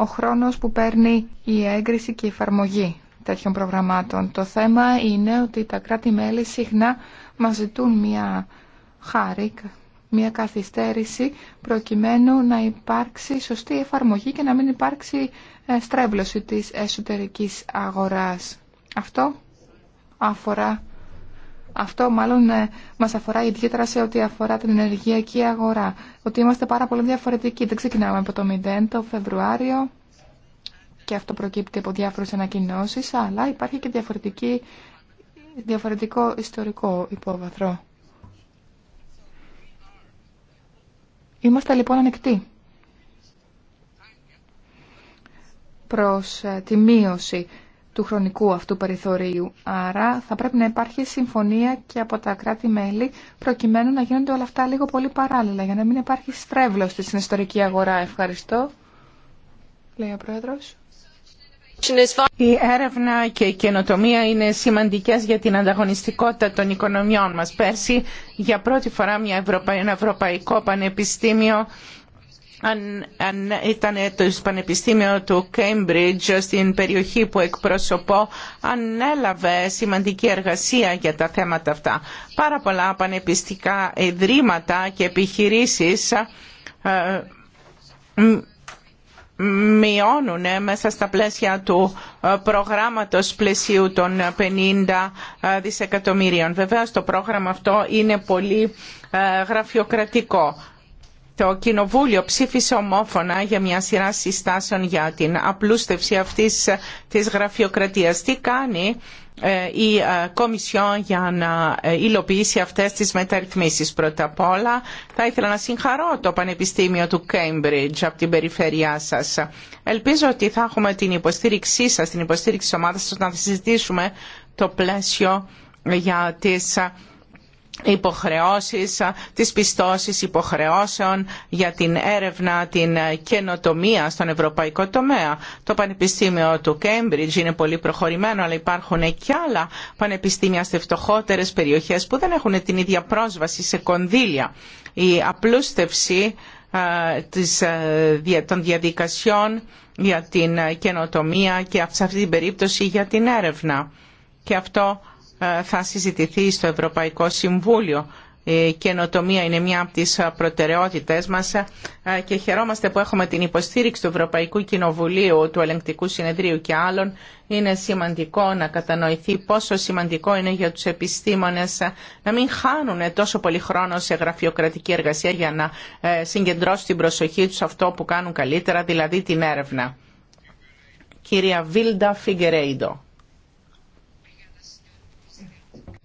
ο χρόνος που παίρνει η έγκριση και η εφαρμογή τέτοιων προγραμμάτων. Το θέμα είναι ότι τα κράτη-μέλη συχνά μας ζητούν μια χάρη, μια καθυστέρηση προκειμένου να υπάρξει σωστή εφαρμογή και να μην υπάρξει ε, στρέβλωση της εσωτερικής αγοράς. Αυτό αφορά αυτό μάλλον ε, μας αφορά ιδιαίτερα σε ό,τι αφορά την ενεργειακή αγορά. Ότι είμαστε πάρα πολύ διαφορετικοί. Δεν ξεκινάμε από το 0 το Φεβρουάριο και αυτό προκύπτει από διάφορες ανακοινώσεις, αλλά υπάρχει και διαφορετική, διαφορετικό ιστορικό υπόβαθρο. Είμαστε λοιπόν ανοιχτοί προς ε, τη μείωση του χρονικού αυτού περιθωρίου. Άρα θα πρέπει να υπάρχει συμφωνία και από τα κράτη-μέλη προκειμένου να γίνονται όλα αυτά λίγο πολύ παράλληλα για να μην υπάρχει στρέβλος στην ιστορική αγορά. Ευχαριστώ. Λέει ο Πρόεδρος. Η έρευνα και η καινοτομία είναι σημαντικές για την ανταγωνιστικότητα των οικονομιών μας. Πέρσι για πρώτη φορά ένα ευρωπαϊκό πανεπιστήμιο αν, ήταν το Πανεπιστήμιο του Cambridge στην περιοχή που εκπροσωπώ ανέλαβε σημαντική εργασία για τα θέματα αυτά. Πάρα πολλά πανεπιστικά ιδρύματα και επιχειρήσεις ε, μειώνουν μέσα στα πλαίσια του ε, προγράμματος πλαισίου των 50 ε, δισεκατομμυρίων. Βεβαίως το πρόγραμμα αυτό είναι πολύ γραφειοκρατικό το Κοινοβούλιο ψήφισε ομόφωνα για μια σειρά συστάσεων για την απλούστευση αυτής της γραφειοκρατίας. Τι κάνει ε, η ε, Κομισιόν για να ε, υλοποιήσει αυτές τις μεταρρυθμίσεις. Πρώτα απ' όλα θα ήθελα να συγχαρώ το Πανεπιστήμιο του Κέμπριτζ από την περιφέρειά σας. Ελπίζω ότι θα έχουμε την υποστήριξή σας, την υποστήριξη της ομάδας σας να συζητήσουμε το πλαίσιο για τις υποχρεώσεις, τις πιστώσεις υποχρεώσεων για την έρευνα, την ε, καινοτομία στον ευρωπαϊκό τομέα. Το Πανεπιστήμιο του Κέμπριτζ είναι πολύ προχωρημένο, αλλά υπάρχουν και άλλα πανεπιστήμια σε φτωχότερε περιοχές που δεν έχουν την ίδια πρόσβαση σε κονδύλια. Η απλούστευση ε, των διαδικασιών για την ε, καινοτομία και σε αυτή την περίπτωση για την έρευνα. Και αυτό ε, θα συζητηθεί στο Ευρωπαϊκό Συμβούλιο. Η καινοτομία είναι μια από τις ε, προτεραιότητες μας ε, και χαιρόμαστε που έχουμε την υποστήριξη του Ευρωπαϊκού Κοινοβουλίου, του Ελεγκτικού Συνεδρίου και άλλων. Είναι σημαντικό να κατανοηθεί πόσο σημαντικό είναι για τους επιστήμονες να μην χάνουν τόσο πολύ χρόνο σε γραφειοκρατική εργασία για να συγκεντρώσουν την προσοχή τους αυτό που κάνουν καλύτερα, δηλαδή την έρευνα. Κυρία Βίλντα Φιγκερέιντο.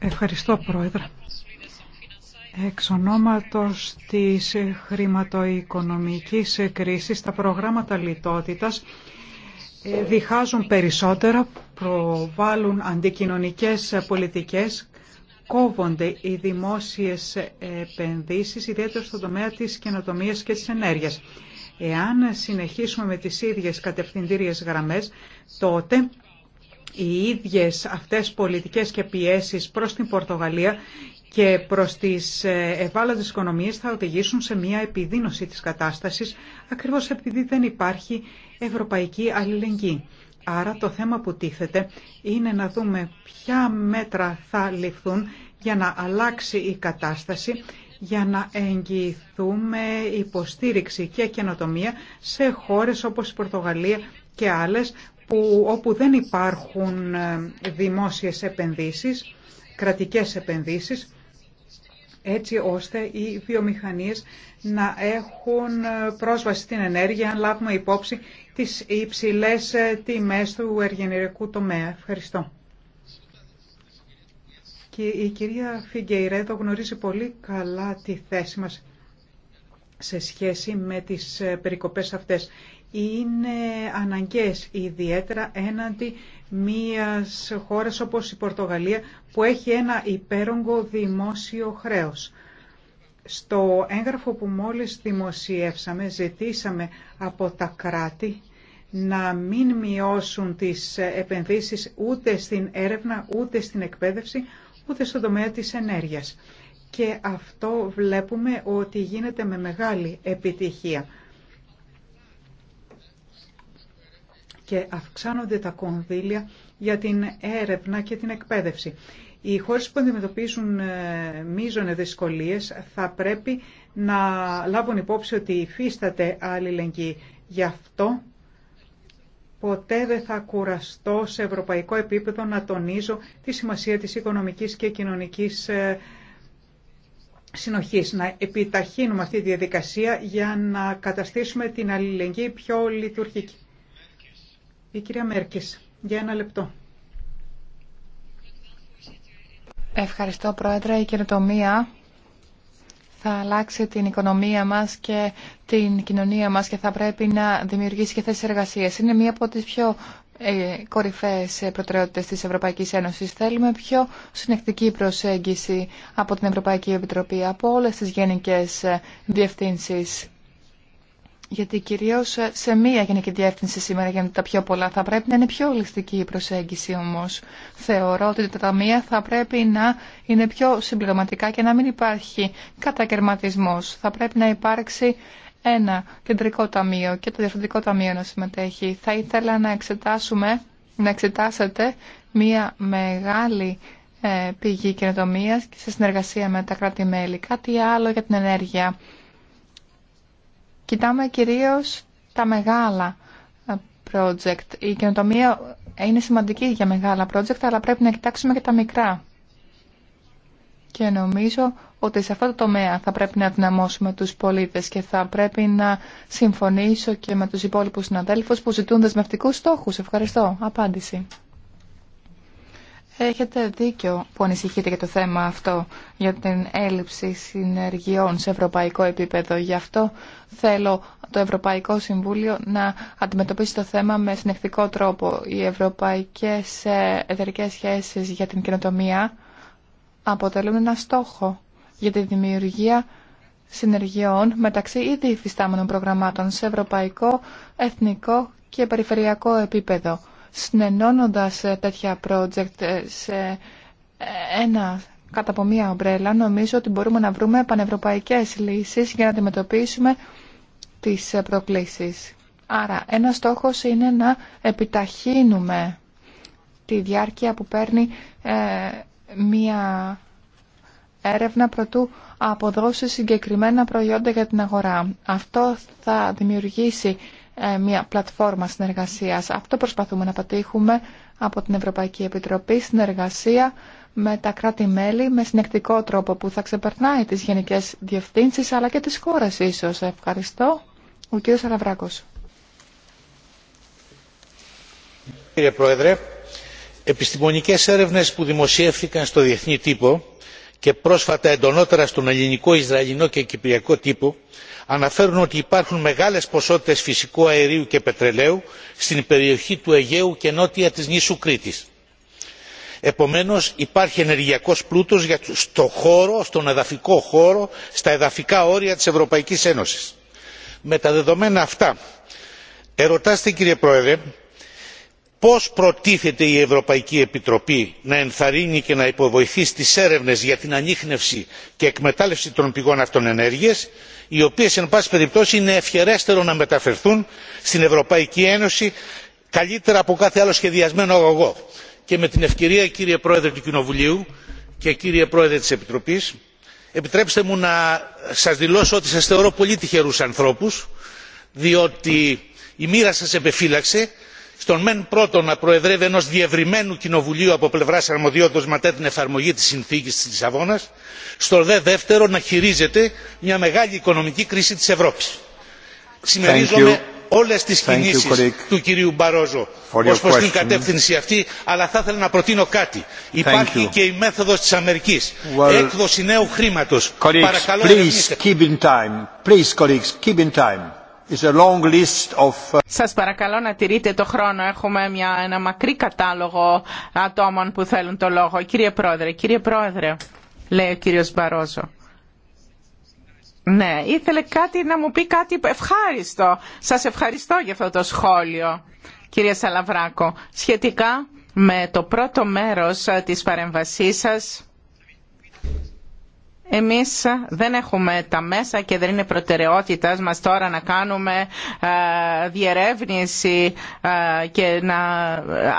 Ευχαριστώ, Πρόεδρε. Εξ ονόματος της χρηματοοικονομικής κρίσης, τα προγράμματα λιτότητας ε, διχάζουν περισσότερα, προβάλλουν αντικοινωνικές πολιτικές, κόβονται οι δημόσιες επενδύσεις, ιδιαίτερα στον τομέα της καινοτομίας και της ενέργειας. Εάν συνεχίσουμε με τις ίδιες κατευθυντήριες γραμμές, τότε οι ίδιες αυτές πολιτικές και πιέσεις προς την Πορτογαλία και προς τις ε, ευάλωτες οικονομίες θα οδηγήσουν σε μια επιδείνωση της κατάστασης ακριβώς επειδή δεν υπάρχει ευρωπαϊκή αλληλεγγύη. Άρα το θέμα που τίθεται είναι να δούμε ποια μέτρα θα ληφθούν για να αλλάξει η κατάσταση για να εγγυηθούμε υποστήριξη και καινοτομία σε χώρες όπως η Πορτογαλία και άλλες όπου δεν υπάρχουν ε, δημόσιες επενδύσεις, κρατικές επενδύσεις, έτσι ώστε οι βιομηχανίες να έχουν ε, πρόσβαση στην ενέργεια, αν λάβουμε υπόψη τις υψηλές ε, τιμές του εργενερικού τομέα. Ευχαριστώ. Και η κυρία Φιγκεϊρέδο γνωρίζει πολύ καλά τη θέση μας σε σχέση με τις ε, περικοπές αυτές. Είναι αναγκαίες ιδιαίτερα έναντι μιας χώρας όπως η Πορτογαλία που έχει ένα υπέρογκο δημόσιο χρέος. Στο έγγραφο που μόλις δημοσιεύσαμε ζητήσαμε από τα κράτη να μην μειώσουν τις ε, επενδύσεις ούτε στην έρευνα, ούτε στην εκπαίδευση, ούτε στον τομέα της ενέργειας και αυτό βλέπουμε ότι γίνεται με μεγάλη επιτυχία. Και αυξάνονται τα κονδύλια για την έρευνα και την εκπαίδευση. Οι χώρες που αντιμετωπίζουν ε, μείζονε δυσκολίες θα πρέπει να λάβουν υπόψη ότι υφίσταται αλληλεγγύη. Γι' αυτό ποτέ δεν θα κουραστώ σε ευρωπαϊκό επίπεδο να τονίζω τη σημασία της οικονομικής και κοινωνικής ε, συνοχής, να επιταχύνουμε αυτή τη διαδικασία για να καταστήσουμε την αλληλεγγύη πιο λειτουργική. Η κυρία Μέρκης, για ένα λεπτό. Ευχαριστώ Πρόεδρε. Η καινοτομία θα αλλάξει την οικονομία μας και την κοινωνία μας και θα πρέπει να δημιουργήσει και θέσεις εργασίας. Είναι μία από τις πιο ε, κορυφαίες ε, προτεραιότητες της Ευρωπαϊκής Ένωσης. Θέλουμε πιο συνεκτική προσέγγιση από την Ευρωπαϊκή Επιτροπή, από όλες τις γενικές ε, διευθύνσεις. Γιατί κυρίως σε μία γενική διεύθυνση σήμερα γίνονται τα πιο πολλά. Θα πρέπει να είναι πιο ολιστική η προσέγγιση όμως. Θεωρώ ότι τα ταμεία θα πρέπει να είναι πιο συμπληρωματικά και να μην υπάρχει κατακαιρματισμός. Θα πρέπει να υπάρξει ένα κεντρικό ταμείο και το διαφορετικό ταμείο να συμμετέχει. Θα ήθελα να εξετάσουμε, να εξετάσετε μια μεγάλη ε, πηγή καινοτομία και σε συνεργασία με τα κράτη-μέλη. Κάτι άλλο για την ενέργεια. Κοιτάμε κυρίως τα μεγάλα ε, project. Η καινοτομία είναι σημαντική για μεγάλα project, αλλά πρέπει να κοιτάξουμε και τα μικρά. Και νομίζω ότι σε αυτό το τομέα θα πρέπει να δυναμώσουμε τους πολίτες και θα πρέπει να συμφωνήσω και με τους υπόλοιπους συναδέλφους που ζητούν δεσμευτικούς στόχους. Ευχαριστώ. Απάντηση. Έχετε δίκιο που ανησυχείτε για το θέμα αυτό, για την έλλειψη συνεργειών σε ευρωπαϊκό επίπεδο. Γι' αυτό θέλω το Ευρωπαϊκό Συμβούλιο να αντιμετωπίσει το θέμα με συνεχτικό τρόπο. Οι ευρωπαϊκές ε, εταιρικές σχέσεις για την καινοτομία αποτελούν ένα στόχο για τη δημιουργία συνεργειών μεταξύ ήδη υφιστάμενων προγραμμάτων σε ευρωπαϊκό, εθνικό και περιφερειακό επίπεδο, συνενώνοντας ε, τέτοια project ε, σε ε, ένα κατά από μία ομπρέλα, νομίζω ότι μπορούμε να βρούμε πανευρωπαϊκές λύσεις για να αντιμετωπίσουμε τις προκλήσεις. Άρα, ένα στόχος είναι να επιταχύνουμε τη διάρκεια που παίρνει μία έρευνα προτού αποδώσει συγκεκριμένα προϊόντα για την αγορά. Αυτό θα δημιουργήσει ε, μια πλατφόρμα συνεργασίας. Αυτό προσπαθούμε να πατήχουμε από την Ευρωπαϊκή Επιτροπή, συνεργασία με τα κράτη-μέλη με συνεκτικό τρόπο που θα ξεπερνάει τις γενικές διευθύνσεις αλλά και τις χώρες ίσως. Ευχαριστώ. Ο κύριος Σαλαβράκο. Κύριε Πρόεδρε, επιστημονικές έρευνες που δημοσιεύθηκαν στο διεθνή τύπο και πρόσφατα εντονότερα στον ελληνικό ισραηλινό και κυπριακό τύπο αναφέρουν ότι υπάρχουν μεγάλες ποσότητες φυσικού αερίου και πετρελαίου στην περιοχή του αιγαίου και νότια της νήσου κρήτης. επομένως υπάρχει ενεργειακός πλούτος στον εδαφικό χώρο στα εδαφικά όρια της ευρωπαϊκής ένωσης. με τα δεδομένα αυτά ερωτάστε κύριε πρόεδρε πώς προτίθεται η ευρωπαϊκή επιτροπή να ενθαρρύνει και να υποβοηθεί στις έρευνες για την ανίχνευση και εκμετάλλευση των πηγών αυτών ενέργειας οι οποίες εν πάση περιπτώσει είναι ευχερέστερο να μεταφερθούν στην ευρωπαϊκή ένωση καλύτερα από κάθε άλλο σχεδιασμένο αγωγό. και με την ευκαιρία κύριε πρόεδρε του κοινοβουλίου και κύριε πρόεδρε της επιτροπής επιτρέψτε μου να σας δηλώσω ότι σας θεωρώ πολύ τυχερούς ανθρώπους διότι η μοίρα σας επεφύλαξε στον μεν πρώτο να προεδρεύει ενός διευρυμένου κοινοβουλίου από πλευράς αρμοδιότητας μετά την εφαρμογή της συνθήκης της λισαβόνας στο δε δεύτερο να χειρίζεται μια μεγάλη οικονομική κρίση της ευρώπης. συμμερίζομαι όλες τις κινήσεις του κυρίου Μπαρόζο ως προς την κατεύθυνση αυτή, αλλά θα ήθελα να προτείνω κάτι. Υπάρχει και η μέθοδος της Αμερικής. έκδοση νέου χρήματος. Παρακαλώ, Uh, σας παρακαλώ να τηρείτε το χρόνο. Έχουμε μια, ένα μακρύ κατάλογο ατόμων που θέλουν το λόγο. Κύριε Πρόεδρε, κύριε Πρόεδρε, λέει ο κύριος Μπαρόζο. Ναι, ήθελε κάτι να μου πει κάτι ευχάριστο. Σας ευχαριστώ για αυτό το σχόλιο, κύριε Σαλαβράκο. Σχετικά με το πρώτο μέρος της παρέμβασής σας, εμείς δεν έχουμε τα μέσα και δεν είναι προτεραιότητα μας τώρα να κάνουμε ε, διερεύνηση ε, και να,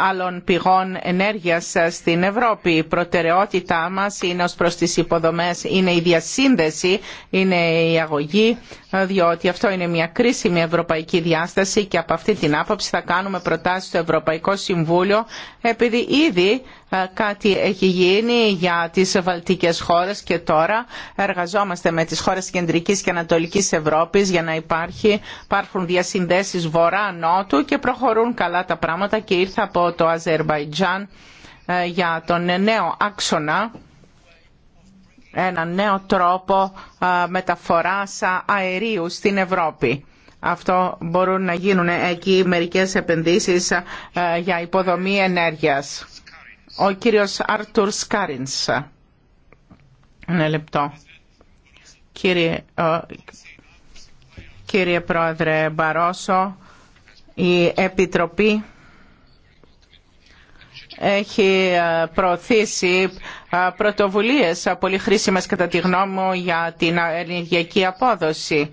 άλλων πηγών ενέργειας στην Ευρώπη. Η προτεραιότητά μας είναι ως προς τις υποδομές, είναι η διασύνδεση, είναι η αγωγή, ε, διότι αυτό είναι μια κρίσιμη ευρωπαϊκή διάσταση και από αυτή την άποψη θα κάνουμε προτάσεις στο Ευρωπαϊκό Συμβούλιο, επειδή ήδη ε, κάτι έχει γίνει για τις βαλτικές χώρες και τώρα εργαζόμαστε με τις χώρες κεντρικής και ανατολικής Ευρώπης για να υπαρχουν υπάρχουν διασυνδέσεις βορρά-νότου και προχωρούν καλά τα πράγματα και ήρθα από το Αζερβαϊτζάν ε, για τον νέο άξονα ένα νέο τρόπο ε, μεταφοράς αερίου στην Ευρώπη. Αυτό μπορούν να γίνουν εκεί μερικές επενδύσεις για υποδομή ενέργειας. Ο κύριος Άρτουρ Σκάρινς. Κύριε, Πρόεδρε Μπαρόσο, η Επιτροπή έχει ε, προωθήσει ε, πρωτοβουλίες πολύ χρήσιμες κατά τη γνώμη μου για την ενεργειακή απόδοση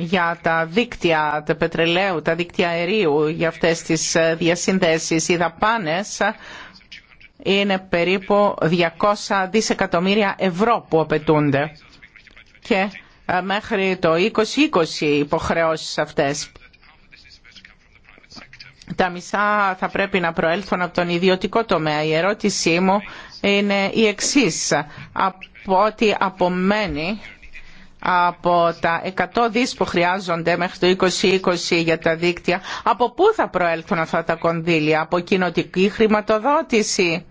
για τα δίκτυα τα πετρελαίου, τα δίκτυα αερίου για αυτές τις ε, διασύνδεσεις. Οι δαπάνες είναι περίπου 200 δισεκατομμύρια ευρώ που απαιτούνται και ε, μέχρι το 2020 υποχρεώσεις αυτές. Τα μισά θα πρέπει να προέλθουν από τον ιδιωτικό τομέα. Η ερώτησή μου είναι η εξής. Από ό,τι απομένει από τα 100 δις που χρειάζονται μέχρι το 2020 για τα δίκτυα, από πού θα προέλθουν αυτά τα κονδύλια, από κοινοτική χρηματοδότηση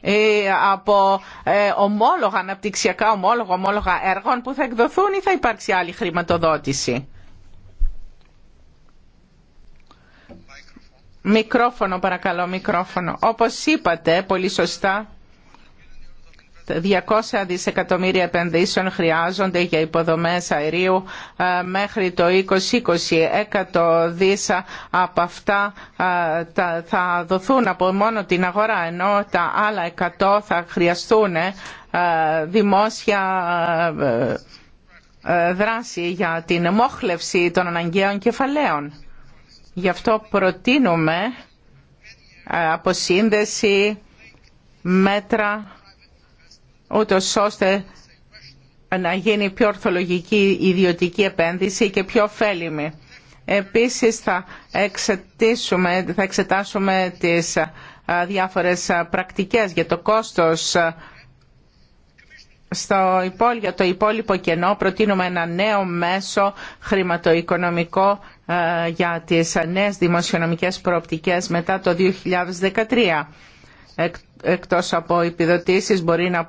ή από ε, ομόλογα, αναπτυξιακά ομόλογα, ομόλογα έργων που θα εκδοθούν ή θα υπάρξει άλλη χρηματοδότηση. Μικρόφωνο παρακαλώ, μικρόφωνο. Όπως είπατε πολύ σωστά, 200 δισεκατομμύρια επενδύσεων χρειάζονται για υποδομές αερίου ε, μέχρι το 2020. 100 δίσα από αυτά ε, θα δοθούν από μόνο την αγορά, ενώ τα άλλα 100 θα χρειαστούν ε, δημόσια δράση για την μόχλευση των αναγκαίων κεφαλαίων. Γι' αυτό προτείνουμε αποσύνδεση μέτρα ούτως ώστε να γίνει πιο ορθολογική ιδιωτική επένδυση και πιο ωφέλιμη. Επίσης θα, θα εξετάσουμε τις διάφορες πρακτικές για το κόστος στο υπόλοιπο, το υπόλοιπο κενό προτείνουμε ένα νέο μέσο χρηματοοικονομικό για τις νέες δημοσιονομικές προοπτικές μετά το 2013 εκτός από επιδοτήσεις μπορεί να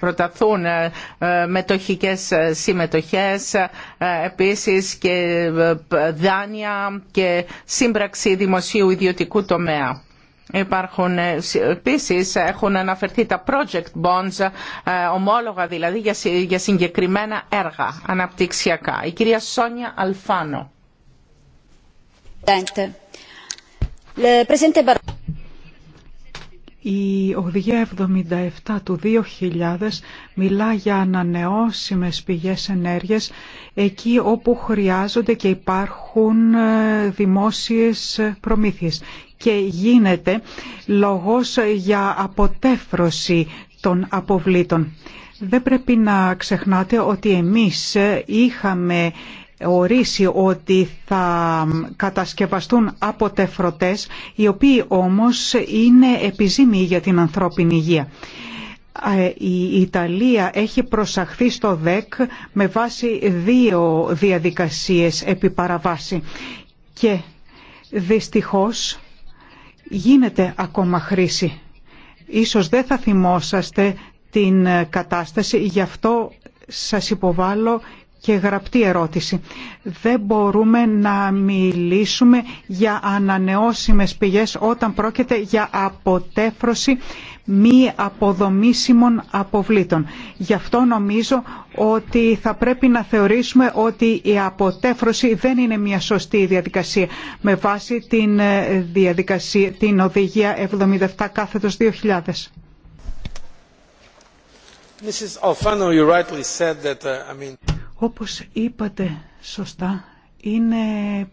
προταθούν ε, ε, μετοχικές ε, συμμετοχές, επίσης και δάνεια και σύμπραξη δημοσίου ιδιωτικού τομέα. Υπάρχουν επίσης, έχουν αναφερθεί τα project bonds, ομόλογα δηλαδή για συγκεκριμένα έργα αναπτυξιακά. Η κυρία Σόνια Αλφάνο. Η Οδηγία 77 του 2000 μιλά για ανανεώσιμες πηγές ενέργειας εκεί όπου χρειάζονται και υπάρχουν ε, δημόσιες προμήθειες και γίνεται λόγος για αποτέφρωση των αποβλήτων. Δεν πρέπει να ξεχνάτε ότι εμείς ε, είχαμε ορίσει ότι θα κατασκευαστούν αποτεφρωτές οι οποίοι όμως είναι επιζήμιοι για την ανθρώπινη υγεία. Ε, η Ιταλία έχει προσαχθεί στο ΔΕΚ με βάση δύο διαδικασίες επί παραβάση και δυστυχώς γίνεται ακόμα χρήση. Ίσως δεν θα θυμόσαστε την κατάσταση, γι' αυτό σας υποβάλλω και γραπτή ερώτηση. Δεν μπορούμε να μιλήσουμε για ανανεώσιμες πηγές όταν πρόκειται για αποτέφρωση μη αποδομήσιμων αποβλήτων. Γι' αυτό νομίζω ότι θα πρέπει να θεωρήσουμε ότι η αποτέφρωση δεν είναι μια σωστή διαδικασία με βάση την, ε, διαδικασία, την οδηγία 77 κάθετος 2000. Mrs. Alfano, you uh, όπως είπατε σωστά, είναι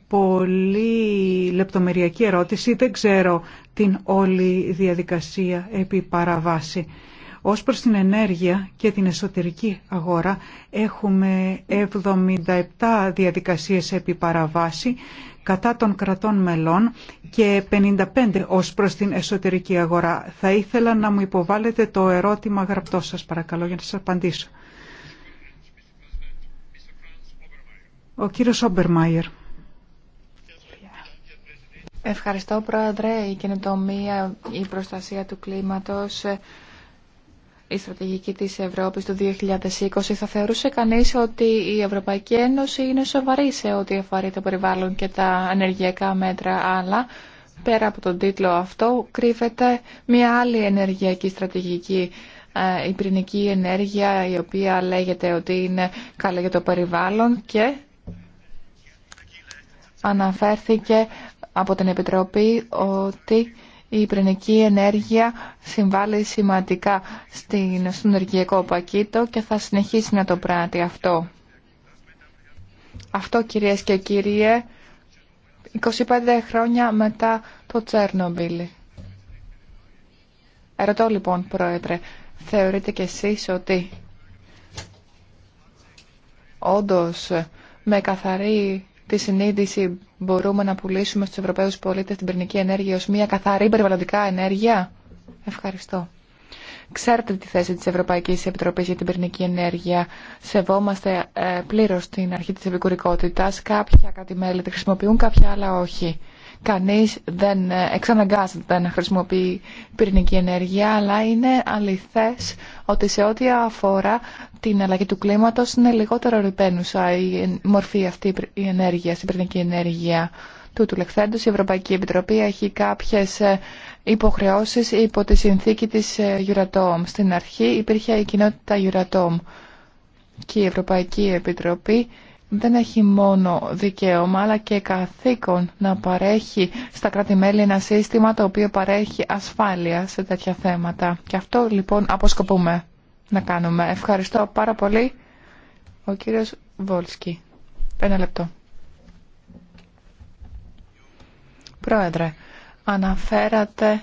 πολύ λεπτομεριακή ερώτηση. Δεν ξέρω την όλη διαδικασία επί παραβάση. Ως προς την ενέργεια και την εσωτερική αγορά έχουμε 77 διαδικασίες επί παραβάση κατά των κρατών μελών και 55 ως προς την εσωτερική αγορά. Θα ήθελα να μου υποβάλλετε το ερώτημα γραπτό σας παρακαλώ για να σας απαντήσω. Ο κύριος Όμπερμαϊερ. Ευχαριστώ, Πρόεδρε. Η καινοτομία, η προστασία του κλίματος, η στρατηγική της Ευρώπης του 2020 θα θεωρούσε κανείς ότι η Ευρωπαϊκή Ένωση είναι σοβαρή σε ό,τι αφορεί το περιβάλλον και τα ενεργειακά μέτρα, αλλά πέρα από τον τίτλο αυτό κρύβεται μια άλλη ενεργειακή στρατηγική ε, η πυρηνική ενέργεια η οποία λέγεται ότι είναι καλή για το περιβάλλον και αναφέρθηκε από την Επιτροπή ότι η πυρηνική ενέργεια συμβάλλει σημαντικά στην, στον ενεργειακό πακίτο και θα συνεχίσει να το πράττει αυτό. Αυτό κυρίες και κύριε, 25 χρόνια μετά το Τσέρνομπιλ. Ερωτώ λοιπόν Πρόεδρε, θεωρείτε κι εσείς ότι όντως με καθαρή τη συνείδηση μπορούμε να πουλήσουμε στους Ευρωπαίους πολίτες την πυρηνική ενέργεια ως μια καθαρή περιβαλλοντικά ενέργεια. Ευχαριστώ. Ξέρετε τη θέση της Ευρωπαϊκής Επιτροπής για την πυρηνική ενέργεια. Σεβόμαστε ε, πλήρως την αρχή της επικουρικότητας. Κάποια κάτι μέλη τη χρησιμοποιούν, κάποια άλλα όχι κανείς δεν ε, εξαναγκάζεται να χρησιμοποιεί πυρηνική ενέργεια, αλλά είναι αληθές ότι σε ό,τι αφορά την αλλαγή του κλίματος είναι λιγότερο ρηπαίνουσα η μορφή αυτή η ενέργεια, η πυρηνική ενέργεια του τουλεχθέντος. Η Ευρωπαϊκή Επιτροπή έχει κάποιες ε, υποχρεώσεις υπό τη συνθήκη της ε, Euratom. Στην αρχή υπήρχε η κοινότητα Euratom και η Ευρωπαϊκή Επιτροπή δεν έχει μόνο δικαίωμα αλλά και καθήκον να παρέχει στα κράτη-μέλη ένα σύστημα το οποίο παρέχει ασφάλεια σε τέτοια θέματα. Και αυτό λοιπόν αποσκοπούμε να κάνουμε. Ευχαριστώ πάρα πολύ. Ο κύριος Βόλσκι. Ένα λεπτό. Πρόεδρε, αναφέρατε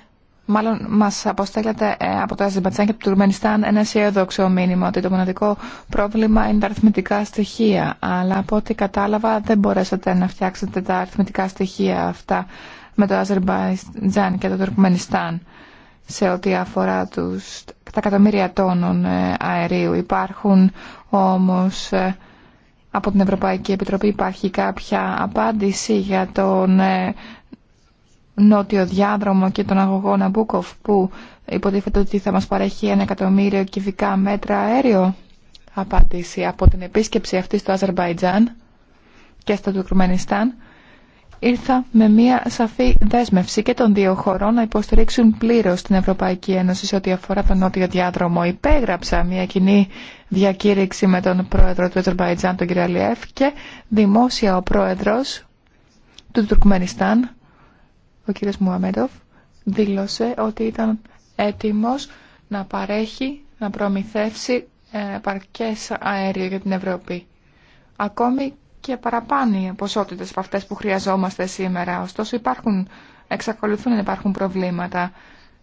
Μάλλον μα αποστέλλεται ε, από το Αζερμπατζάν και το Τουρμενιστάν ένα αισιοδόξο μήνυμα ότι το μοναδικό πρόβλημα είναι τα αριθμητικά στοιχεία. Αλλά από ό,τι κατάλαβα δεν μπορέσατε να φτιάξετε τα αριθμητικά στοιχεία αυτά με το Αζερμπατζάν και το Τουρκμενιστάν σε ό,τι αφορά τους, τα εκατομμύρια τόνων ε, αερίου. Υπάρχουν όμως ε, από την Ευρωπαϊκή Επιτροπή υπάρχει κάποια απάντηση για τον νότιο διάδρομο και τον αγωγό Ναμπούκοφ που υποτίθεται ότι θα μας παρέχει ένα εκατομμύριο κυβικά μέτρα αέριο απάντηση από την επίσκεψη αυτή στο Αζερβαϊτζάν και στο Τουρκμενιστάν ήρθα με μια σαφή δέσμευση και των δύο χωρών να υποστηρίξουν πλήρως την Ευρωπαϊκή Ένωση σε ό,τι αφορά τον νότιο διάδρομο. Υπέγραψα μια κοινή διακήρυξη με τον πρόεδρο του Αζερβαϊτζάν, τον κ. Αλιεύ, και δημόσια ο πρόεδρος του Τουρκμενιστάν ο κ. Μουαμέντοφ δήλωσε ότι ήταν έτοιμος να παρέχει, να προμηθεύσει ε, παρκές αέριο για την Ευρώπη. Ακόμη και παραπάνω ποσότητες από αυτές που χρειαζόμαστε σήμερα. Ωστόσο υπάρχουν, εξακολουθούν να υπάρχουν προβλήματα.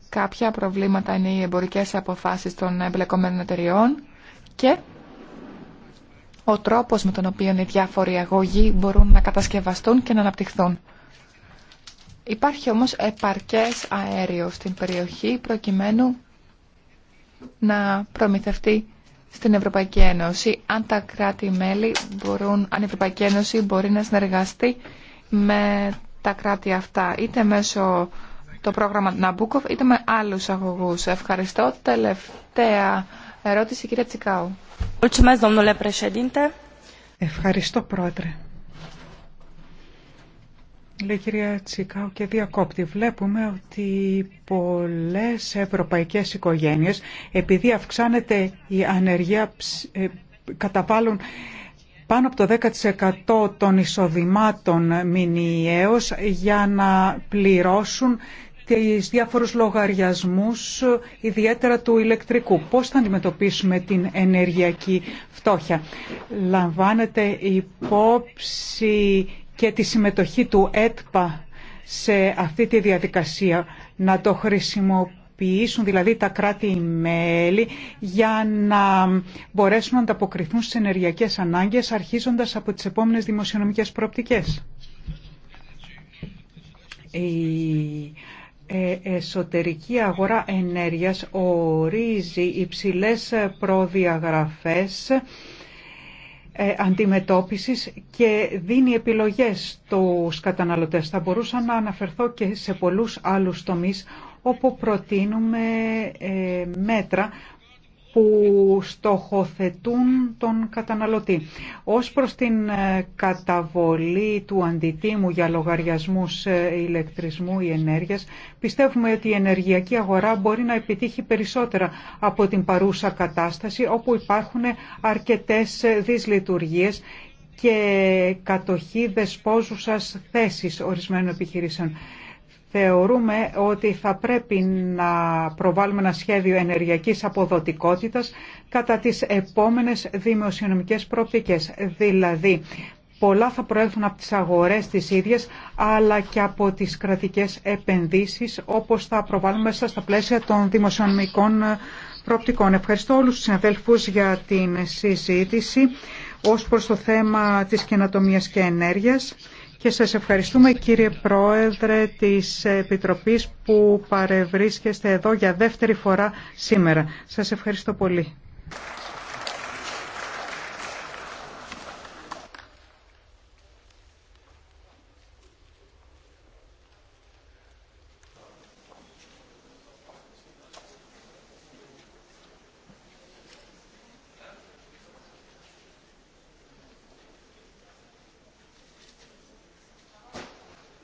Κάποια προβλήματα είναι οι εμπορικές αποφάσεις των εμπλεκομένων εταιριών και ο τρόπος με τον οποίο οι διάφοροι αγωγοί μπορούν να κατασκευαστούν και να αναπτυχθούν. Υπάρχει όμως επαρκές αέριο στην περιοχή προκειμένου να προμηθευτεί στην Ευρωπαϊκή Ένωση αν μελη μπορούν, αν η Ευρωπαϊκή Ένωση μπορεί να συνεργαστεί με τα κράτη αυτά είτε μέσω το πρόγραμμα Ναμπούκοφ είτε με άλλους αγωγούς. Ευχαριστώ. Τελευταία ερώτηση κύριε Τσικάου. Ευχαριστώ πρόεδρε. Λέει κυρία Τσικάου και διακόπτη. Βλέπουμε ότι πολλές ευρωπαϊκές οικογένειες επειδή αυξάνεται η ανεργία ε, καταβάλουν πάνω από το 10% των εισοδημάτων μηνιαίως για να πληρώσουν τις διάφορους λογαριασμούς, ιδιαίτερα του ηλεκτρικού. Πώς θα αντιμετωπίσουμε την ενεργειακή φτώχεια. Λαμβάνεται υπόψη και τη συμμετοχή του ΕΤΠΑ σε αυτή τη διαδικασία, να το χρησιμοποιήσουν δηλαδή τα κράτη-μέλη για να μπορέσουν να ανταποκριθούν στις ενεργειακές ανάγκες αρχίζοντας από τις επόμενες δημοσιονομικές προοπτικές. Η ε, εσωτερική αγορά ενέργειας ορίζει υψηλές προδιαγραφές ε, αντιμετώπισης και δίνει επιλογές στους καταναλωτές. Θα μπορούσα να αναφερθώ και σε πολλούς άλλους τομείς όπου προτείνουμε ε, μέτρα που στοχοθετούν τον καταναλωτή. Ως προς την ε, καταβολή του αντιτίμου για λογαριασμούς ε, ηλεκτρισμού ή ενέργειας, πιστεύουμε ότι η ενεργειακή αγορά μπορεί να επιτύχει περισσότερα από την παρούσα κατάσταση, όπου υπάρχουν αρκετές ε, δυσλειτουργίες και κατοχή δεσπόζουσας θέσης ορισμένων επιχειρήσεων θεωρούμε ότι θα πρέπει να προβάλλουμε ένα σχέδιο ενεργειακής αποδοτικότητας κατά τις επόμενες δημοσιονομικές προοπτικές. Δηλαδή, πολλά θα προέλθουν από τις αγορές της ίδιες, αλλά και από τις κρατικές επενδύσεις, όπως θα προβάλλουμε μέσα στα πλαίσια των δημοσιονομικών προοπτικών. Ευχαριστώ όλους τους συναδέλφους για την συζήτηση ως προς το θέμα της καινοτομίας και ενέργειας. Και σας ευχαριστούμε κύριε Πρόεδρε της Επιτροπής που παρευρίσκεστε εδώ για δεύτερη φορά σήμερα. Σας ευχαριστώ πολύ.